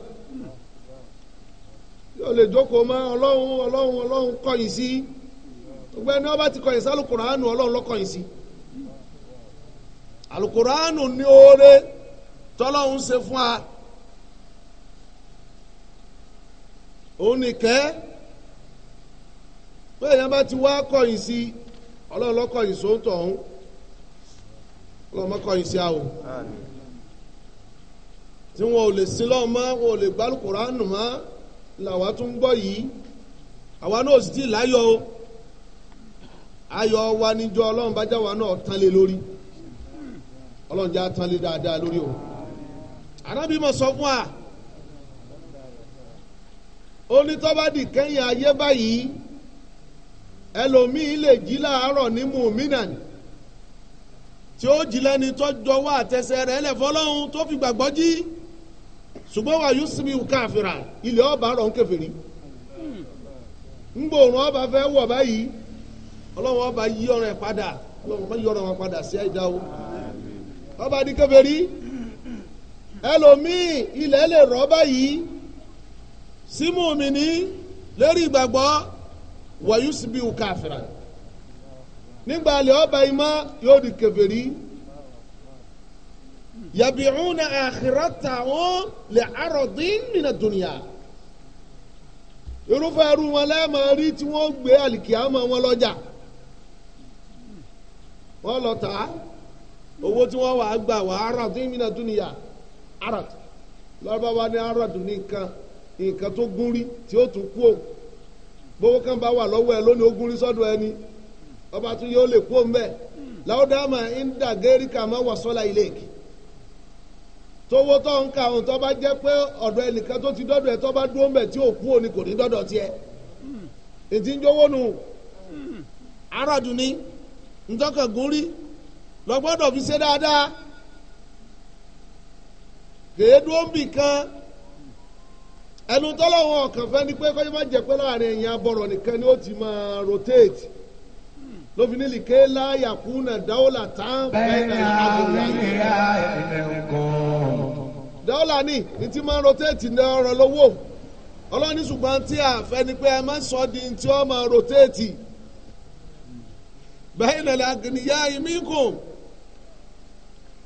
tí ò lè jókòó mọ́ ọlọ́run ọlọ́run ọlọ́run kọ̀yìn sí gbogbo ẹni ọba ti kọ̀yìn sí alukuraanu ọlọ́run lọ́kọ̀yìn sí alukuraanu ní oore tọ́lọ́run ṣe fún wa òun nìkẹ́ pé èèyàn bá ti wá kọ̀yìn sí ọlọ́run lọ́kọ̀yìn sóńtọ̀ ọ̀hún ọlọ́run mọ́kọ̀yìn sí àwọn tí wọn ò lè sin lọ́wọ́ mọ́ wọn ò lè gbá Kùránì mọ́ làwa tún gbọ́ yìí àwa náà sì ti láyọ̀ o ayọ̀ wa níjọ́ ọlọ́run bá jáwa náà tán lé lórí ọlọ́run já tán lé dáadáa lórí o ànábì mọ̀ sọ fún wa onítọ́bádì kẹ́yìn ayé báyìí ẹlòmíì lè jí láàárọ̀ ní mùmínàn tí ó jí lẹ́ni tó jọ wá rẹ̀ lẹ̀ fọlọ́hún tó fi gbàgbọ́ jí. ṣùgbọ́n wa yóò sinmi káfíra ilẹ̀ ọba rọ̀ ń kẹfìrí ńgbò ọba fẹ́ wọ̀ báyìí ọba yí ọ̀rọ̀ ẹ̀ padà ọlọ́run ọba yí ọ̀rọ̀ wọn ọba di kẹfìrí ẹlòmíì ilẹ̀ lè rọ̀ báyìí símù mi ní leri ìgbàgbọ́ wa yóò sinmi káfíra nígbà ilẹ̀ ọba yìí mọ́ yóò di yabiruna àkìrọ́tà wọn lè àròdín nínú dunya irúfẹ́ ẹrú wọn lẹ́ẹ̀mọ rí tí wọ́n gbé àlìkìyàmọ̀ wọn lọ́jà wọ́n lọ tà á owó tí wọ́n wàá gbà wà àròdín nínú dunya àròd lọ́ba wa ní àròd ní nǹkan nǹkan tó gún rí tí ó tún kú òun gbowó kan bá wà lọ́wọ́ ẹ lónìí ogún rí sọ́dọ̀ ẹni ọba tún yóò lè kú òun bẹ́ẹ̀ láwùdá mà ń dàgẹ́ríkà má wà sọ́la ilé yìí. tówó tó ń ka òun tó bá jẹ́ pé ti dọdọ eto tó bá dúró mbẹ̀ tí ò òní kò ní dọ́dọ̀ tiẹ̀ ètí ń jówó nù arọ́dún ni dada rí lọ́gbọ́dọ̀ fi ṣe dáadáa kèé dúró kan ẹnu tọ́lọ́wọ́n ọ̀kànfẹ́ ni pé kọ́jú má jẹ́ pé láàrin èèyàn abọ̀rọ̀ nìkan ni ó ti máa rotate lófin nílì ké láyà kúnà dáwọ́là tán bẹ́ẹ̀ dáwọ́là ni ní ti máa ń rotéètì ní ọ̀rọ̀ lọ́wọ́ ọlọ́ni ṣùgbọ́n tí a fẹ́ ni pé ẹ má sọ di tí ó máa rotéètì bẹ́ẹ̀ nílẹ̀ àgbẹ̀nìyá ìmíkùn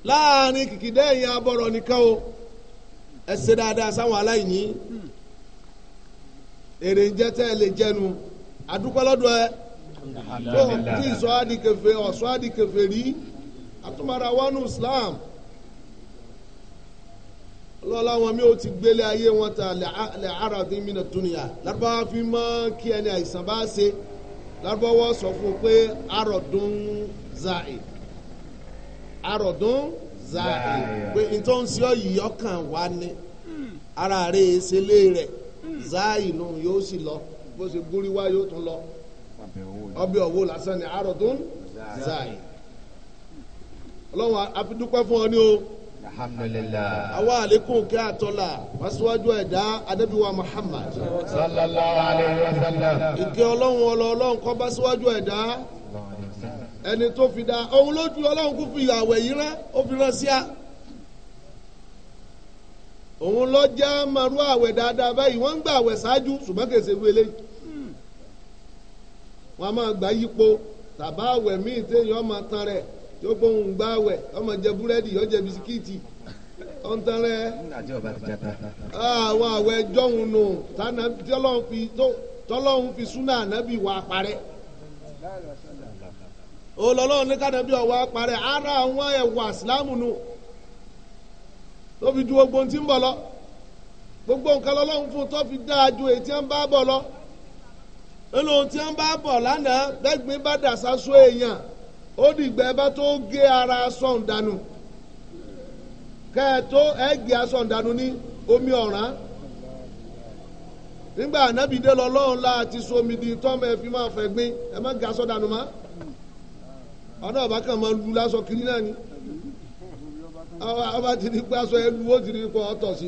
láàrin kìkìdá ẹ̀yìn abọ́rọ̀ nìkan o ẹ ṣe dáadáa sáwọn aláìní èrè ń jẹ́ tẹ́ ẹ lè jẹnu adúpẹ́ lọ́dọ̀ ẹ tó tí ìsọ adìkẹfẹ ọsọ adìkẹfẹ rí àtúmọ̀ra wánú Islam lọ́la wọn mi ò ti gbélé ayé wọn ta lẹ́ aráàdé mìíràn túnìyà lárúbáwá fi máa kí ẹni àìsàn bá ṣe lárúbáwá sọ fún pé arọ̀dún zaì arọ̀dún zaì pé nítorí wọn sọ yìí ọkàn wá ara rẹ̀ ṣe lé rẹ̀ hmm. zaì nù yóò sì lọ bó ṣe gúrí yóò tún lọ ọbẹ̀ ọ̀wọ́ lásán ni àárọ̀ tó ń záì ọlọ́run àfidúpẹ́ fún ọ ní o alhamdulilayi àwa àlékún kí àtọ́là wáṣíwájú ẹ̀dá adébíwá muhammad sallallahu alayhi wa sallam ìkẹ́ ọlọ́run ọlọ́run kọ́ bá síwájú ẹ̀dá ẹni tó fi dá òun lójú ọlọ́run kò fi ìyàwó yìí rán ó fi rán sí a òun lọ jẹ́ màrú àwẹ̀ dáadáa báyìí wọ́n ń gbà àwẹ̀ ṣáájú ṣùgbọ́n kèsè wí wọn a máa gbà yípo tàbá àwẹ̀ míì téèyàn ọmọ tán rẹ̀ yóò gbóhùn gbá àwẹ̀ ọmọ jẹ búrẹ́dì yóò jẹ bisikíìtì ó tán àwọn jọ̀hún nù fi súnà ànábì wà parẹ́ ní ara àwọn ẹ̀wà nù tó fi ju gbogbo tí ń bọ̀ lọ gbogbo nǹkan fún fi dáa ju olóhùn tí wọ́n bá bọ̀ lánàá bẹ́gbin bá dà sásó èèyàn ó dìgbẹ́ bá tó gé ara sọ̀ǹdànù kẹ́ ẹ tó ẹ gé aṣọ ìdánù ní omi ọ̀ràn nígbà ànábìdé lọ láti so omi di tọ́mọ ẹ fi máa fẹ́ ẹ má kiri náà ni ọba ti di pé aṣọ ẹ lu ó ti di pé sí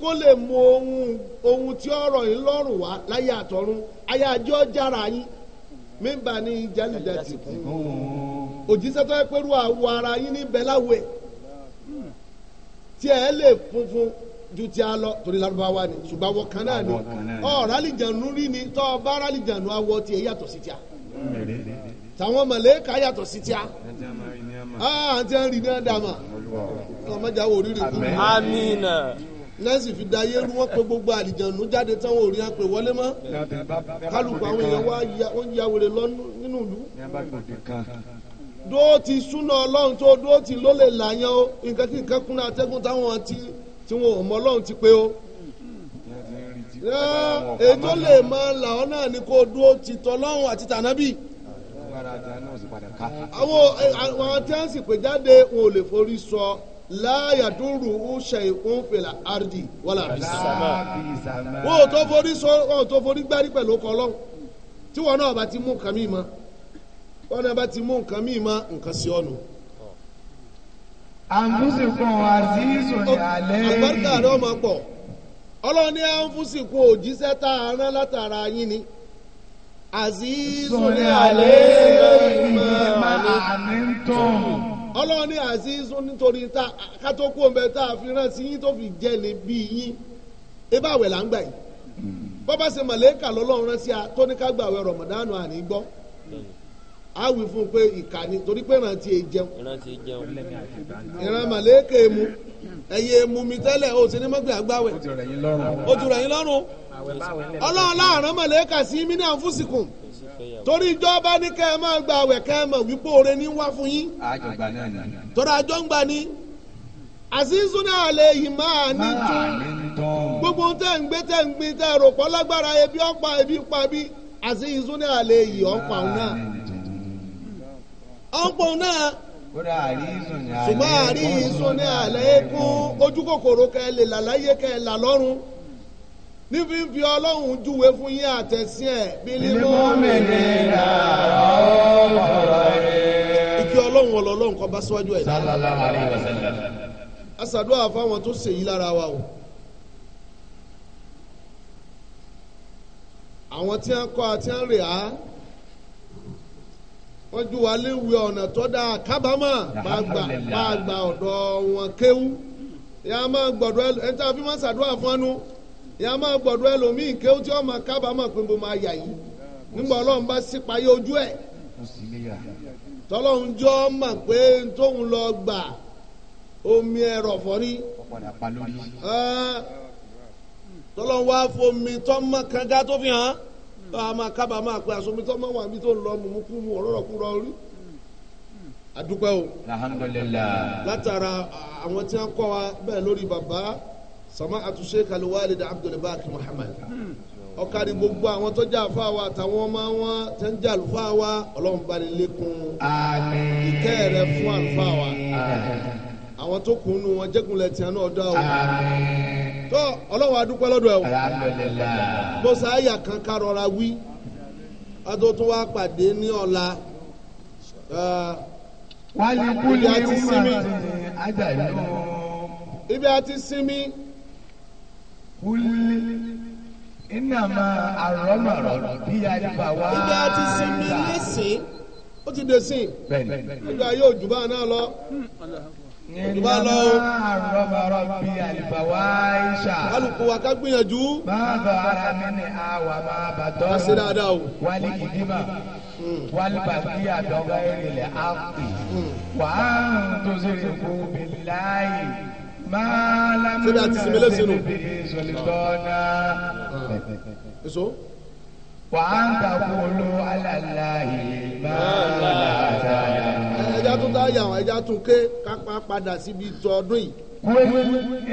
kó lè mú ohun ohun tí ọ̀rọ̀ yìí lọ́rùn wá láyé àtọ̀run ayé àjọ jára yín mímba ní jálìdá ti kú òjíṣẹ́ tó yẹ pé rú ara yín ní bẹ́láwẹ̀ tí ẹ lè funfun ju ti a lọ torí Lárúbáwá ni ṣùgbọ́n àwọ̀ kan náà ni ọ̀rọ̀ àlìjànú rí ni tọ́ ọ bá àlìjànú awọ tiẹ̀ yàtọ̀ sí ti a tàwọn mọ̀lẹ́kà yàtọ̀ sí ti a àǹtí ẹ̀ ń rí ní àdàmà ọmọdé àwọn oríire fún mi. Àmín lẹ́sìn fi da yé wọ́n pe gbogbo àlìjànú jáde tán wọn ò rí apè wọlé mọ́ kálukú àwọn èèyàn wá ó ń ya wèrè lọ nínú ìlú. dó ti súná ọlọ́run tó dó ti ló lè làyàn o nǹkan kí nǹkan kúnná atẹ́gùn táwọn ti tí wọn ò mọ ọlọ́run ti pé o. ètò lè máa là ọ́ náà ni kó dó ti tọ́lọ́run àti tànábì. àwọn àwọn tí wọ́n sì pè jáde wọn ò lè forí sọ. So láyàdúró ó ṣe ìkúnfèlà àrùdì wọlé àbísàmà wọn ò tó forí sọ wọn ò tó forí gbárí pẹ̀lú ọkọ̀ ọlọ́run tí wọn náà bá ti mú nǹkan míì mọ́ wọn náà bá ti mú nǹkan míì mọ́ nǹkan sí ọ̀nù. àǹfùsì kan àzízù ní alẹ́ yìí. àgbàdàn àdó máa pọ̀ ọlọ́run ní àǹfùsì òjíṣẹ́ tá a rán látara yín ni àzízù ní alẹ́ yìí máa ní tó. ọlọ́run ní àzízún nítorí tá ká ọmọ ẹ tá yi sí yín tó fi jẹ lè bí yín ebá àwẹ̀ là ń gbà yìí bọ́bá ṣe màlẹ́kà lọ́lọ́run rán sí a tó gbà àwẹ̀ rọ̀mọ̀dánù àní a fún pé ìkànnì torí pé ìrántí ẹ jẹun ìran màlẹ́kà emu ẹ̀yẹ emu mi tẹ́lẹ̀ o sì ní mọ́gbìn yín lọ́rùn ọlọ́run láàrán sí mí ní torí ìjọba ní kẹ́ ẹ máa gba àwẹ̀ kẹ́ ẹ wípé oore ní wá fún yín. torí àjọ ń ní. àzízú náà lè ní tún. gbogbo tẹ́ ń gbé tẹ́ ń gbin ebi ọ̀pá ebi pa bí àzízú náà lè ọ̀pá òun náà. ọ̀pá òun náà. àríyìn ní àlẹ́ nífi ń fi ọlọ́run júwe fún yín àtẹ̀sí ẹ̀ bí nínú mìíní náà ọ̀rọ̀ rẹ̀. ìkí ọlọ́run ọlọ́run kọ́ bá síwájú ẹ̀. sallallahu alaihi wasallam. asàdúrà fáwọn tó ṣèyí lára wa o. àwọn tí wọ́n kọ́ àti wọ́n rè á wọ́n ju wa léwu ọ̀nà tó dáa kábàámà máa gba ọ̀dọ̀ wọn kéwú. ìyá máa gbọ̀dọ̀ ẹ̀ ń tẹ́ àfi máa ṣàdúrà fún ẹnu ìyá máa gbọ̀dọ̀ ẹlòmíì ké tí ọmọ kábàámọ̀ pé mo máa yà yìí nígbà ọlọ́run bá sí payé ojú ẹ̀ tọ́lọ́run jọ́ mọ̀ pé tóun lọ gbà omi ẹ̀rọ̀ fọ́rí tọ́lọ́run wá fomi tọ́mọ kanga tó fi hàn ọ́ a máa kábàámọ̀ pé àsomi tọ́mọ wà níbi tó ń lọ mú kú mu ọ̀rọ̀ kú rọ orí adúpẹ́ o látara àwọn tí wọ́n kọ́ wa bẹ́ẹ̀ lórí bàbá sama àtúnṣe kaliwalid abdulbaki muhammad ọkàdì gbogbo àwọn tó jà fún wa àtàwọn ọmọ wọn tó ń jà lùfà wa ọlọ́run bá ní lékun ìkẹ́ rẹ fún àlùfà wa àwọn tó kù nù wọn jẹ́kunlẹ̀ tiẹ̀ náà dá o tó ọlọ́run adúpẹ́ lọ́dọ̀ ẹ̀ o bó sáyà kan ká wí adó tó pàdé ní ọ̀la wálé kúlẹ̀ wíwà ajá ìlú. ibi àti sinmi kúlí iná máa àrọ́mọ̀rọ̀ bí àyíká wá. ibi àti sinmi nísìn ó ti dé sìn nígbà yóò jù bá náà lọ jù bá lọ o. àrọ́mọ̀rọ̀ bí àyíká wá ìṣà. kálukú wa ká gbìyànjú. máa bá ara mi ní àwà máa bá tọ́. wá sí dáadáa o. wálé ìdímà walibati adọgọ ye lele afi wa an tosi ko bilayi sẹbi àti sinmi lẹsìn nù. èso. wà á ń ta kúló alàlàyé máa ta yà. ẹja tún ká yà wọn ẹja tún ké kápá padà síbi tó ọdún yìí.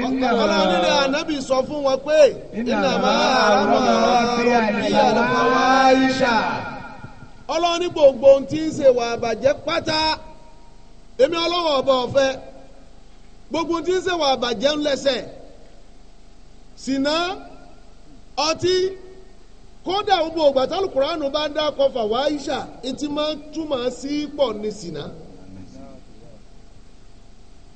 Ọlọ́run nílé ànábì sọ fún wọn pé iná máa rọ̀ ọ́ bí àlùkò wáyíṣà. Ọlọ́run ní gbogbo ohun tí ń ṣe wà bàjẹ́ pátá. Èmi ọlọ́wọ́ ọba ọ̀fẹ́ gbogbo tí ń ṣẹ̀wà àbàjẹ́ ń lẹ́sẹ̀ sìnà ọtí kódà gbogbo ògbà tálùkùránù bá ń dákọ fàwa aisha etí máa ń túmọ̀ sí pọ̀ ní sìnà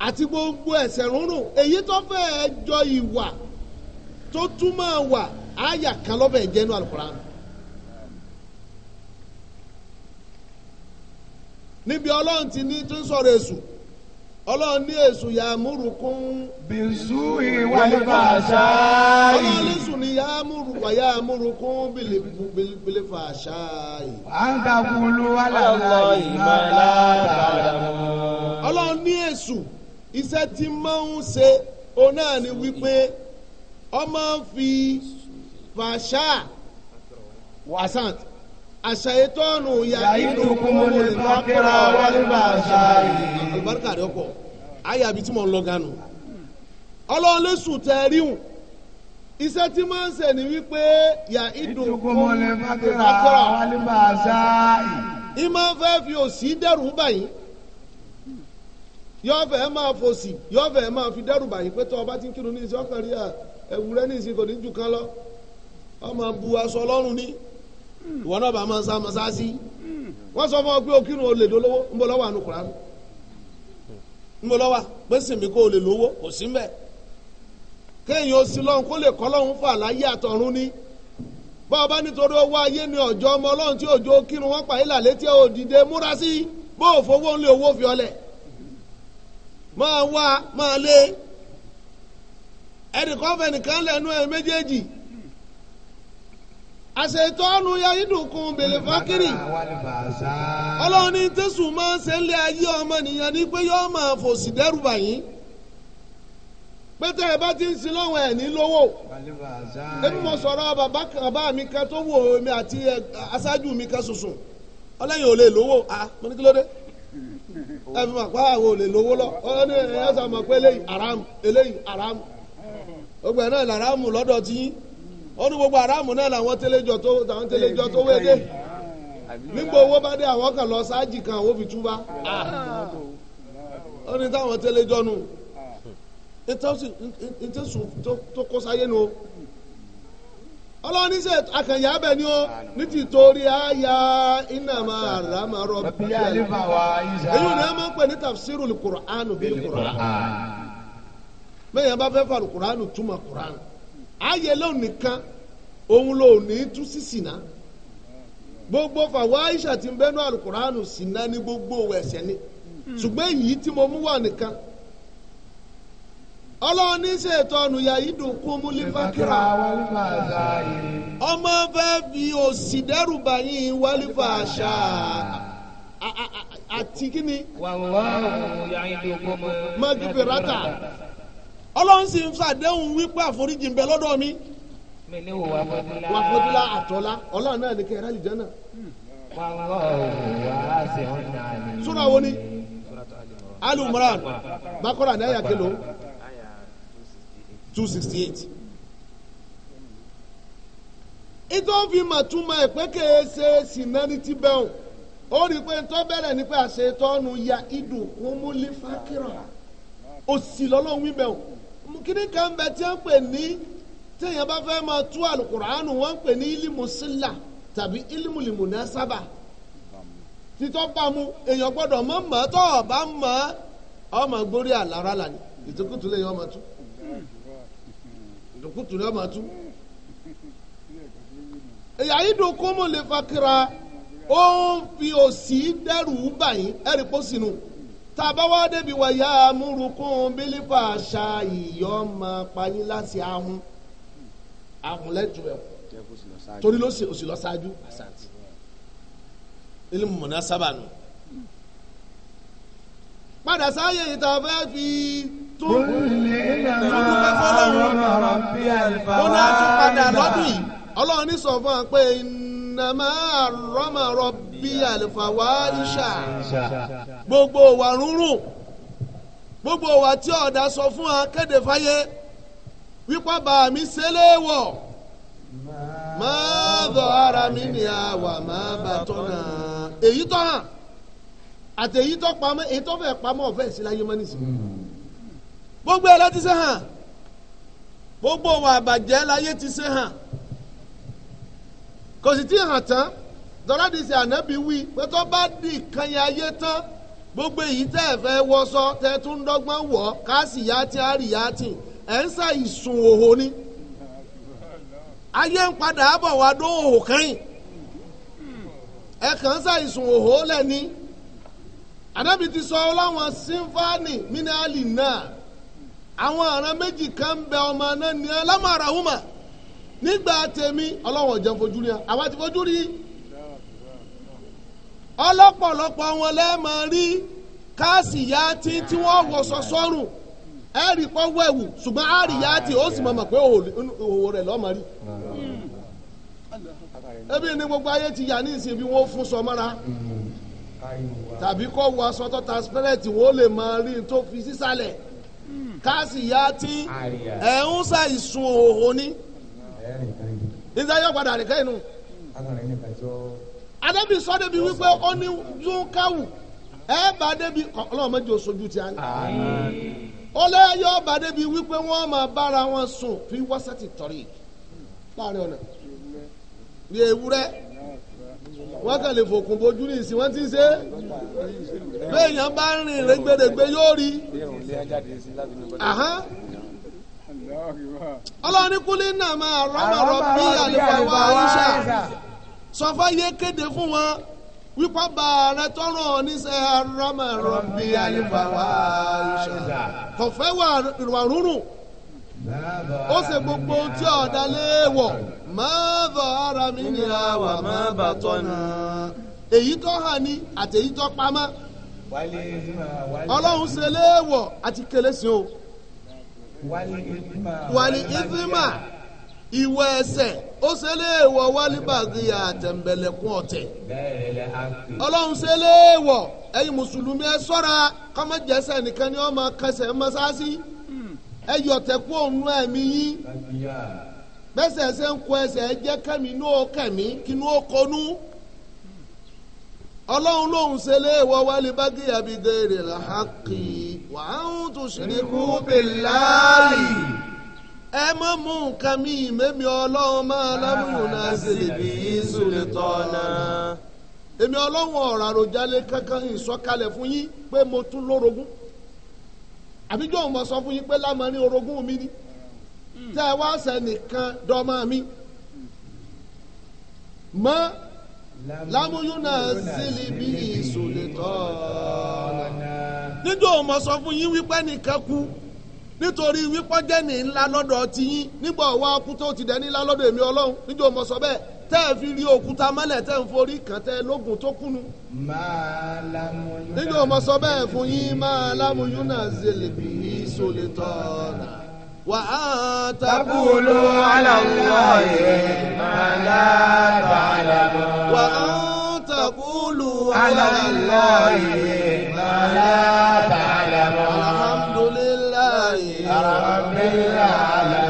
àti gbogbo ẹ̀ṣẹ̀ rúnrún èyí tó fẹ́ẹ́ jọ ìwà tó túmọ̀ wà áyà kan lọ́bẹ̀ jẹ́nu àlùkùránù. níbi ọlọ́run ti ní tó ń sọ̀rọ̀ èṣù ọlọ́run ní èṣù yà múrùkún. bìnzú ìwà ìbá àṣà yìí. ọlọ́run ní èṣù ni ya múrùkún yà múrùkún bìlẹ̀ fà àṣà yìí. à ń ta kulu alàlà ìmọ̀lá tààmù. ọlọ́run ní èṣù iṣẹ́ tí máa ń ṣe òun náà ni wípé ọmọ fi fàṣà wàṣàǹtì. àṣàyètọ́nù yàyínú kúmọ̀lẹ̀ bákẹ́rà wálé bá ṣáàyè. àlùbáríkà rẹ kọ ayé àbí tí mo ń lọ ganu. ọlọ́run lè tẹ ríhùn iṣẹ́ ti ma ń ṣe ni wípé yàyínú kúmọ̀lẹ̀ bákẹ́rà wálé bá ṣáàyè. ma fẹ́ fi òsì dẹ́rù fi ti ìwọ náà bá máa sá máa sá sí wọ́n sọ fún ọ pé okirun olè dolówó ń bọ̀ lọ́wọ́ àánú kùránù ń bọ̀ lọ́wọ́ pé sìnmi kó olè lówó kò sí mbẹ́ kéèyàn ó sí lọ́hùn kó lè kọ́ lọ́hùn fún àlàyé àtọ̀run ni bá ọba nítorí owó ayé ni ọjọ́ ọmọ ọlọ́run tí òjò kírun wọ́n pàyè làlétí òdìdé múra sí bó òfowó ńlé owó fi ọlẹ̀ máa wá máa lé ẹnìkan fẹ́ nìkan lẹ́nu ẹ̀ méjèèjì àṣetọ́ ọ̀nù ya ìdùnkùn bèlè fákìrì ọlọ́run ní máa ń ṣe ayé ọmọ nìyẹn ní pé yọ́ọ́ máa fòsì dẹ́rù pété ẹ ti ń sin lọ́wọ́ ẹ̀ ní lówó mo sọ̀rọ̀ bàbá bàbá mi kan tó wò mí àti aṣáájú mi kan sùsùn ò lè lówó a pé onu gbogbo aráàmù náà làwọn tẹ́lẹ̀jọ tó àwọn tẹ́lẹ̀jọ tó wé nígbà owó bá dé àwọn kan lọ sáájì kan àwọn fi túbá ó ní táwọn tẹ́lẹ̀jọ nu ìtẹ̀sùn tó kó sáyé nu ọlọ́ọ̀ni ṣe àkànyà abẹ ni ó ní ti torí àyà iná máa rà máa rọ bí èyí ni a máa ń pè ní bí bẹ́ẹ̀ yẹn bá fẹ́ túmọ̀ ayé lóun nìkan òun lòun ní tú sí gbogbo fàwáìṣà tí ń bẹnu àlùkùránù sìnà ní gbogbo ẹ̀ṣẹ̀ ni ṣùgbọ́n èyí tí mo mú wà nìkan ọlọ́run ní ṣètò ọ̀nùyà yìí dùn kún mú lífàkìrà ọmọ fẹ́ fi òsì dẹ́rù báyìí àti wàhálà ọlọ́run sì ń fàdéhùn wípé àforíjì ń bẹ lọ́dọ̀ mi. mẹlẹ́wò wà fọdúlá wà fọdúlá àtọ́lá ọlọ́run náà ní kẹ́ ẹ rálì jẹ́ náà. sura wo ni alu imran ní àyà kelo two sixty eight. ìtọ́ fi mà túmọ̀ ẹ̀ pé kèé ṣe sinanity bẹ́ẹ̀ ó rí i ni pé àṣetọ́nu ya idu. kún múlífàkìrà òsì lọ́lọ́run wí bẹ́ẹ̀ o. kíní ka bẹ tí wọ́n pè ní téèyàn bá fẹ́ máa tú àlùkùránù wọ́n pè ní ilimusila tàbí ilimu títọ́ bámu èèyàn gbọ́dọ̀ ọ mọ́ ọmọ gbórí àlàra lànà ìtukùtù lè yọ ọmọ tú ìtukùtù lè ọmọ tú. lè fakira ó ń fi òsì dẹrù ẹ̀rí pósìnù. tàbáwá débi wàyà amúrukún bílífà àṣà ìyọ́ máa payín láti ahun ahun lẹ́jọ́ ẹ̀ torí ló sì òsì lọ ṣáájú ilé mọ̀nà sábàánù padà sáyé ìta fi tún olùkọ́ fọlọ́run ó náà padà lọ́dún yìí ọlọ́run ní sọ fún wa pé innama harrama rabbiyal fawahisha gbogbo wa rúnrún gbogbo wa tí ọ̀dà sọ fún wa kéde fáyé wípé bá mi ṣẹlẹ̀ wọ̀ máa dọ̀ ara mi ní àwà máa bá tọ́nà èyí tó hàn àti èyí tó pamọ́ èyí tó fẹ́ pamọ́ ọ̀fẹ́ sí láyé mọ́ hmm. gbogbo ẹ̀ láti ṣe hàn gbogbo wa àbàjẹ́ láyé ti ṣe hàn kò sì tí ì hàn tán tọ́ládìsí ànábì wí pé tó bá di ìkànnì ayé tán gbogbo èyí tẹ́ ẹ̀ fẹ́ wọṣọ tẹ́ tún ń dọ́gbọ́n wọ̀ káàsì yá tí a rì yá tì ẹ̀ ń sà ìsùn òhò ni ayé ń padà bọ̀ wá dó òhò kẹ́yìn ẹ̀ kàn ń sà ìsùn òhò lẹ́ni ànábì ti sọ láwọn sínfàánì mínálì náà àwọn àrà méjì kan bẹ ọmọ náà ní nígbà tèmi ọlọ́wọ̀n ọ̀jẹ̀ fojú rí hàn àwa ti fojú rí ọlọ́pọ̀lọpọ̀ wọn lẹ́ máa rí káàsì yá tí tí wọ́n wọ sọ́sọ́rùn ẹ rí pọ́ wẹ̀wù ṣùgbọ́n á rí yá tí ó sì mọ̀ pé òwò rẹ̀ lọ́mọ rí. ebi ni gbogbo ayé ti yà ní ìsìn bí wọ́n fún sọmọ́ra tàbí kọ́ wọ aṣọ tó transparent wọ́n lè máa rí tó fi sísàlẹ̀ káàsì yá tí ẹ̀ ń ṣàìsùn òhò ni. Mm ìsáyọ̀ padà rìn kẹ́yìn nù. adébí sọ débi wípé ó ní yunkawu ẹ bá débi ọlọ́run mẹ́jọ sojú ti àná. ó lẹ́yọ̀ bá débi wípé wọ́n máa bára wọn sùn fi wọ́sẹ̀tì tọ́rí láàrin ọ̀nà bí ewúrẹ́ wọ́n kàn lè fòkùn bojú ní ìsìn wọ́n ti ṣe é bẹ́ẹ̀ yẹn bá ń rìn rẹ́gbẹ̀rẹ́gbẹ̀ yóò rí ọlọ́ni kúlẹ̀ náà máa rọ́mọ̀rọ́ bí àlùfáà àyíṣà sọfọ́ yé kéde fún wọn wípé bàárẹ̀ tọrọ oníṣẹ́ rọ́mọ̀rọ́ bí àlùfáà àyíṣà kò fẹ́ wà rúrùn ó ṣe gbogbo tí ọ̀dà léèwọ̀ máa bọ̀ ara mi ní àwà máa bà tọ́ ni èyí tó hàn ní àtẹ̀yí tó pamọ́ ọlọ́run ṣe léèwọ̀ àti kérésì wàlí ifima ìwà ẹ̀ṣẹ̀ ó ṣẹlẹ̀ èèwọ̀ wálíbàgì àtẹ̀m̀bẹ̀lẹ̀kùn ọ̀tẹ̀ ọlọ́run ṣẹlẹ̀ èèwọ̀ ẹ̀yin mùsùlùmí ẹ ṣọ́ra kọ́mọ̀jẹsẹ̀ nìkan ni wọ́n ma kẹsẹ̀ masasi ẹ yọ tẹ̀kú òun ẹ̀mí yín o wà á ń tún ṣìríkú billahi. ẹ má mú nǹkan mi ìmẹ́mi ọlọ́run máa lámúlò náà ṣe lè bí ìṣòlè tọ́nà. èmi ọlọ́run ọ̀rọ̀ àròjálé kankan ìsọ̀kalẹ̀ fún yín pé mo tún lórogún. àbíjọ́ òun mọ̀ sọ fún yín pé lámàrin orogún mi ni. tẹ́ ẹ wá sẹ́nìkan dọ́mọ mi. mọ́ lámúyún náà ṣe bí ìṣòlè tọ́nà. níjọ́ ọmọ sọ fún yín wípé nìkan kú nítorí wípé jẹ́ ní ńlá lọ́dọ̀ ti yín nígbà wá kú tó ti dẹ́ ní ńlá lọ́dọ̀ èmi ọlọ́run níjọ́ ọmọ sọ bẹ́ẹ̀ tẹ́ ẹ fi rí òkúta mọ́lẹ̀ tẹ́ ń forí kàn tẹ́ lógun tó kúnnu. níjọ́ ọmọ sọ bẹ́ẹ̀ fún yín máa lámúyún náà zèlè bí ìṣòlè tọ́ra. وأن تقولوا على الله ما لا تعلمون وأن تقولوا على الله ما لا تعلمون الحمد لله رب العالمين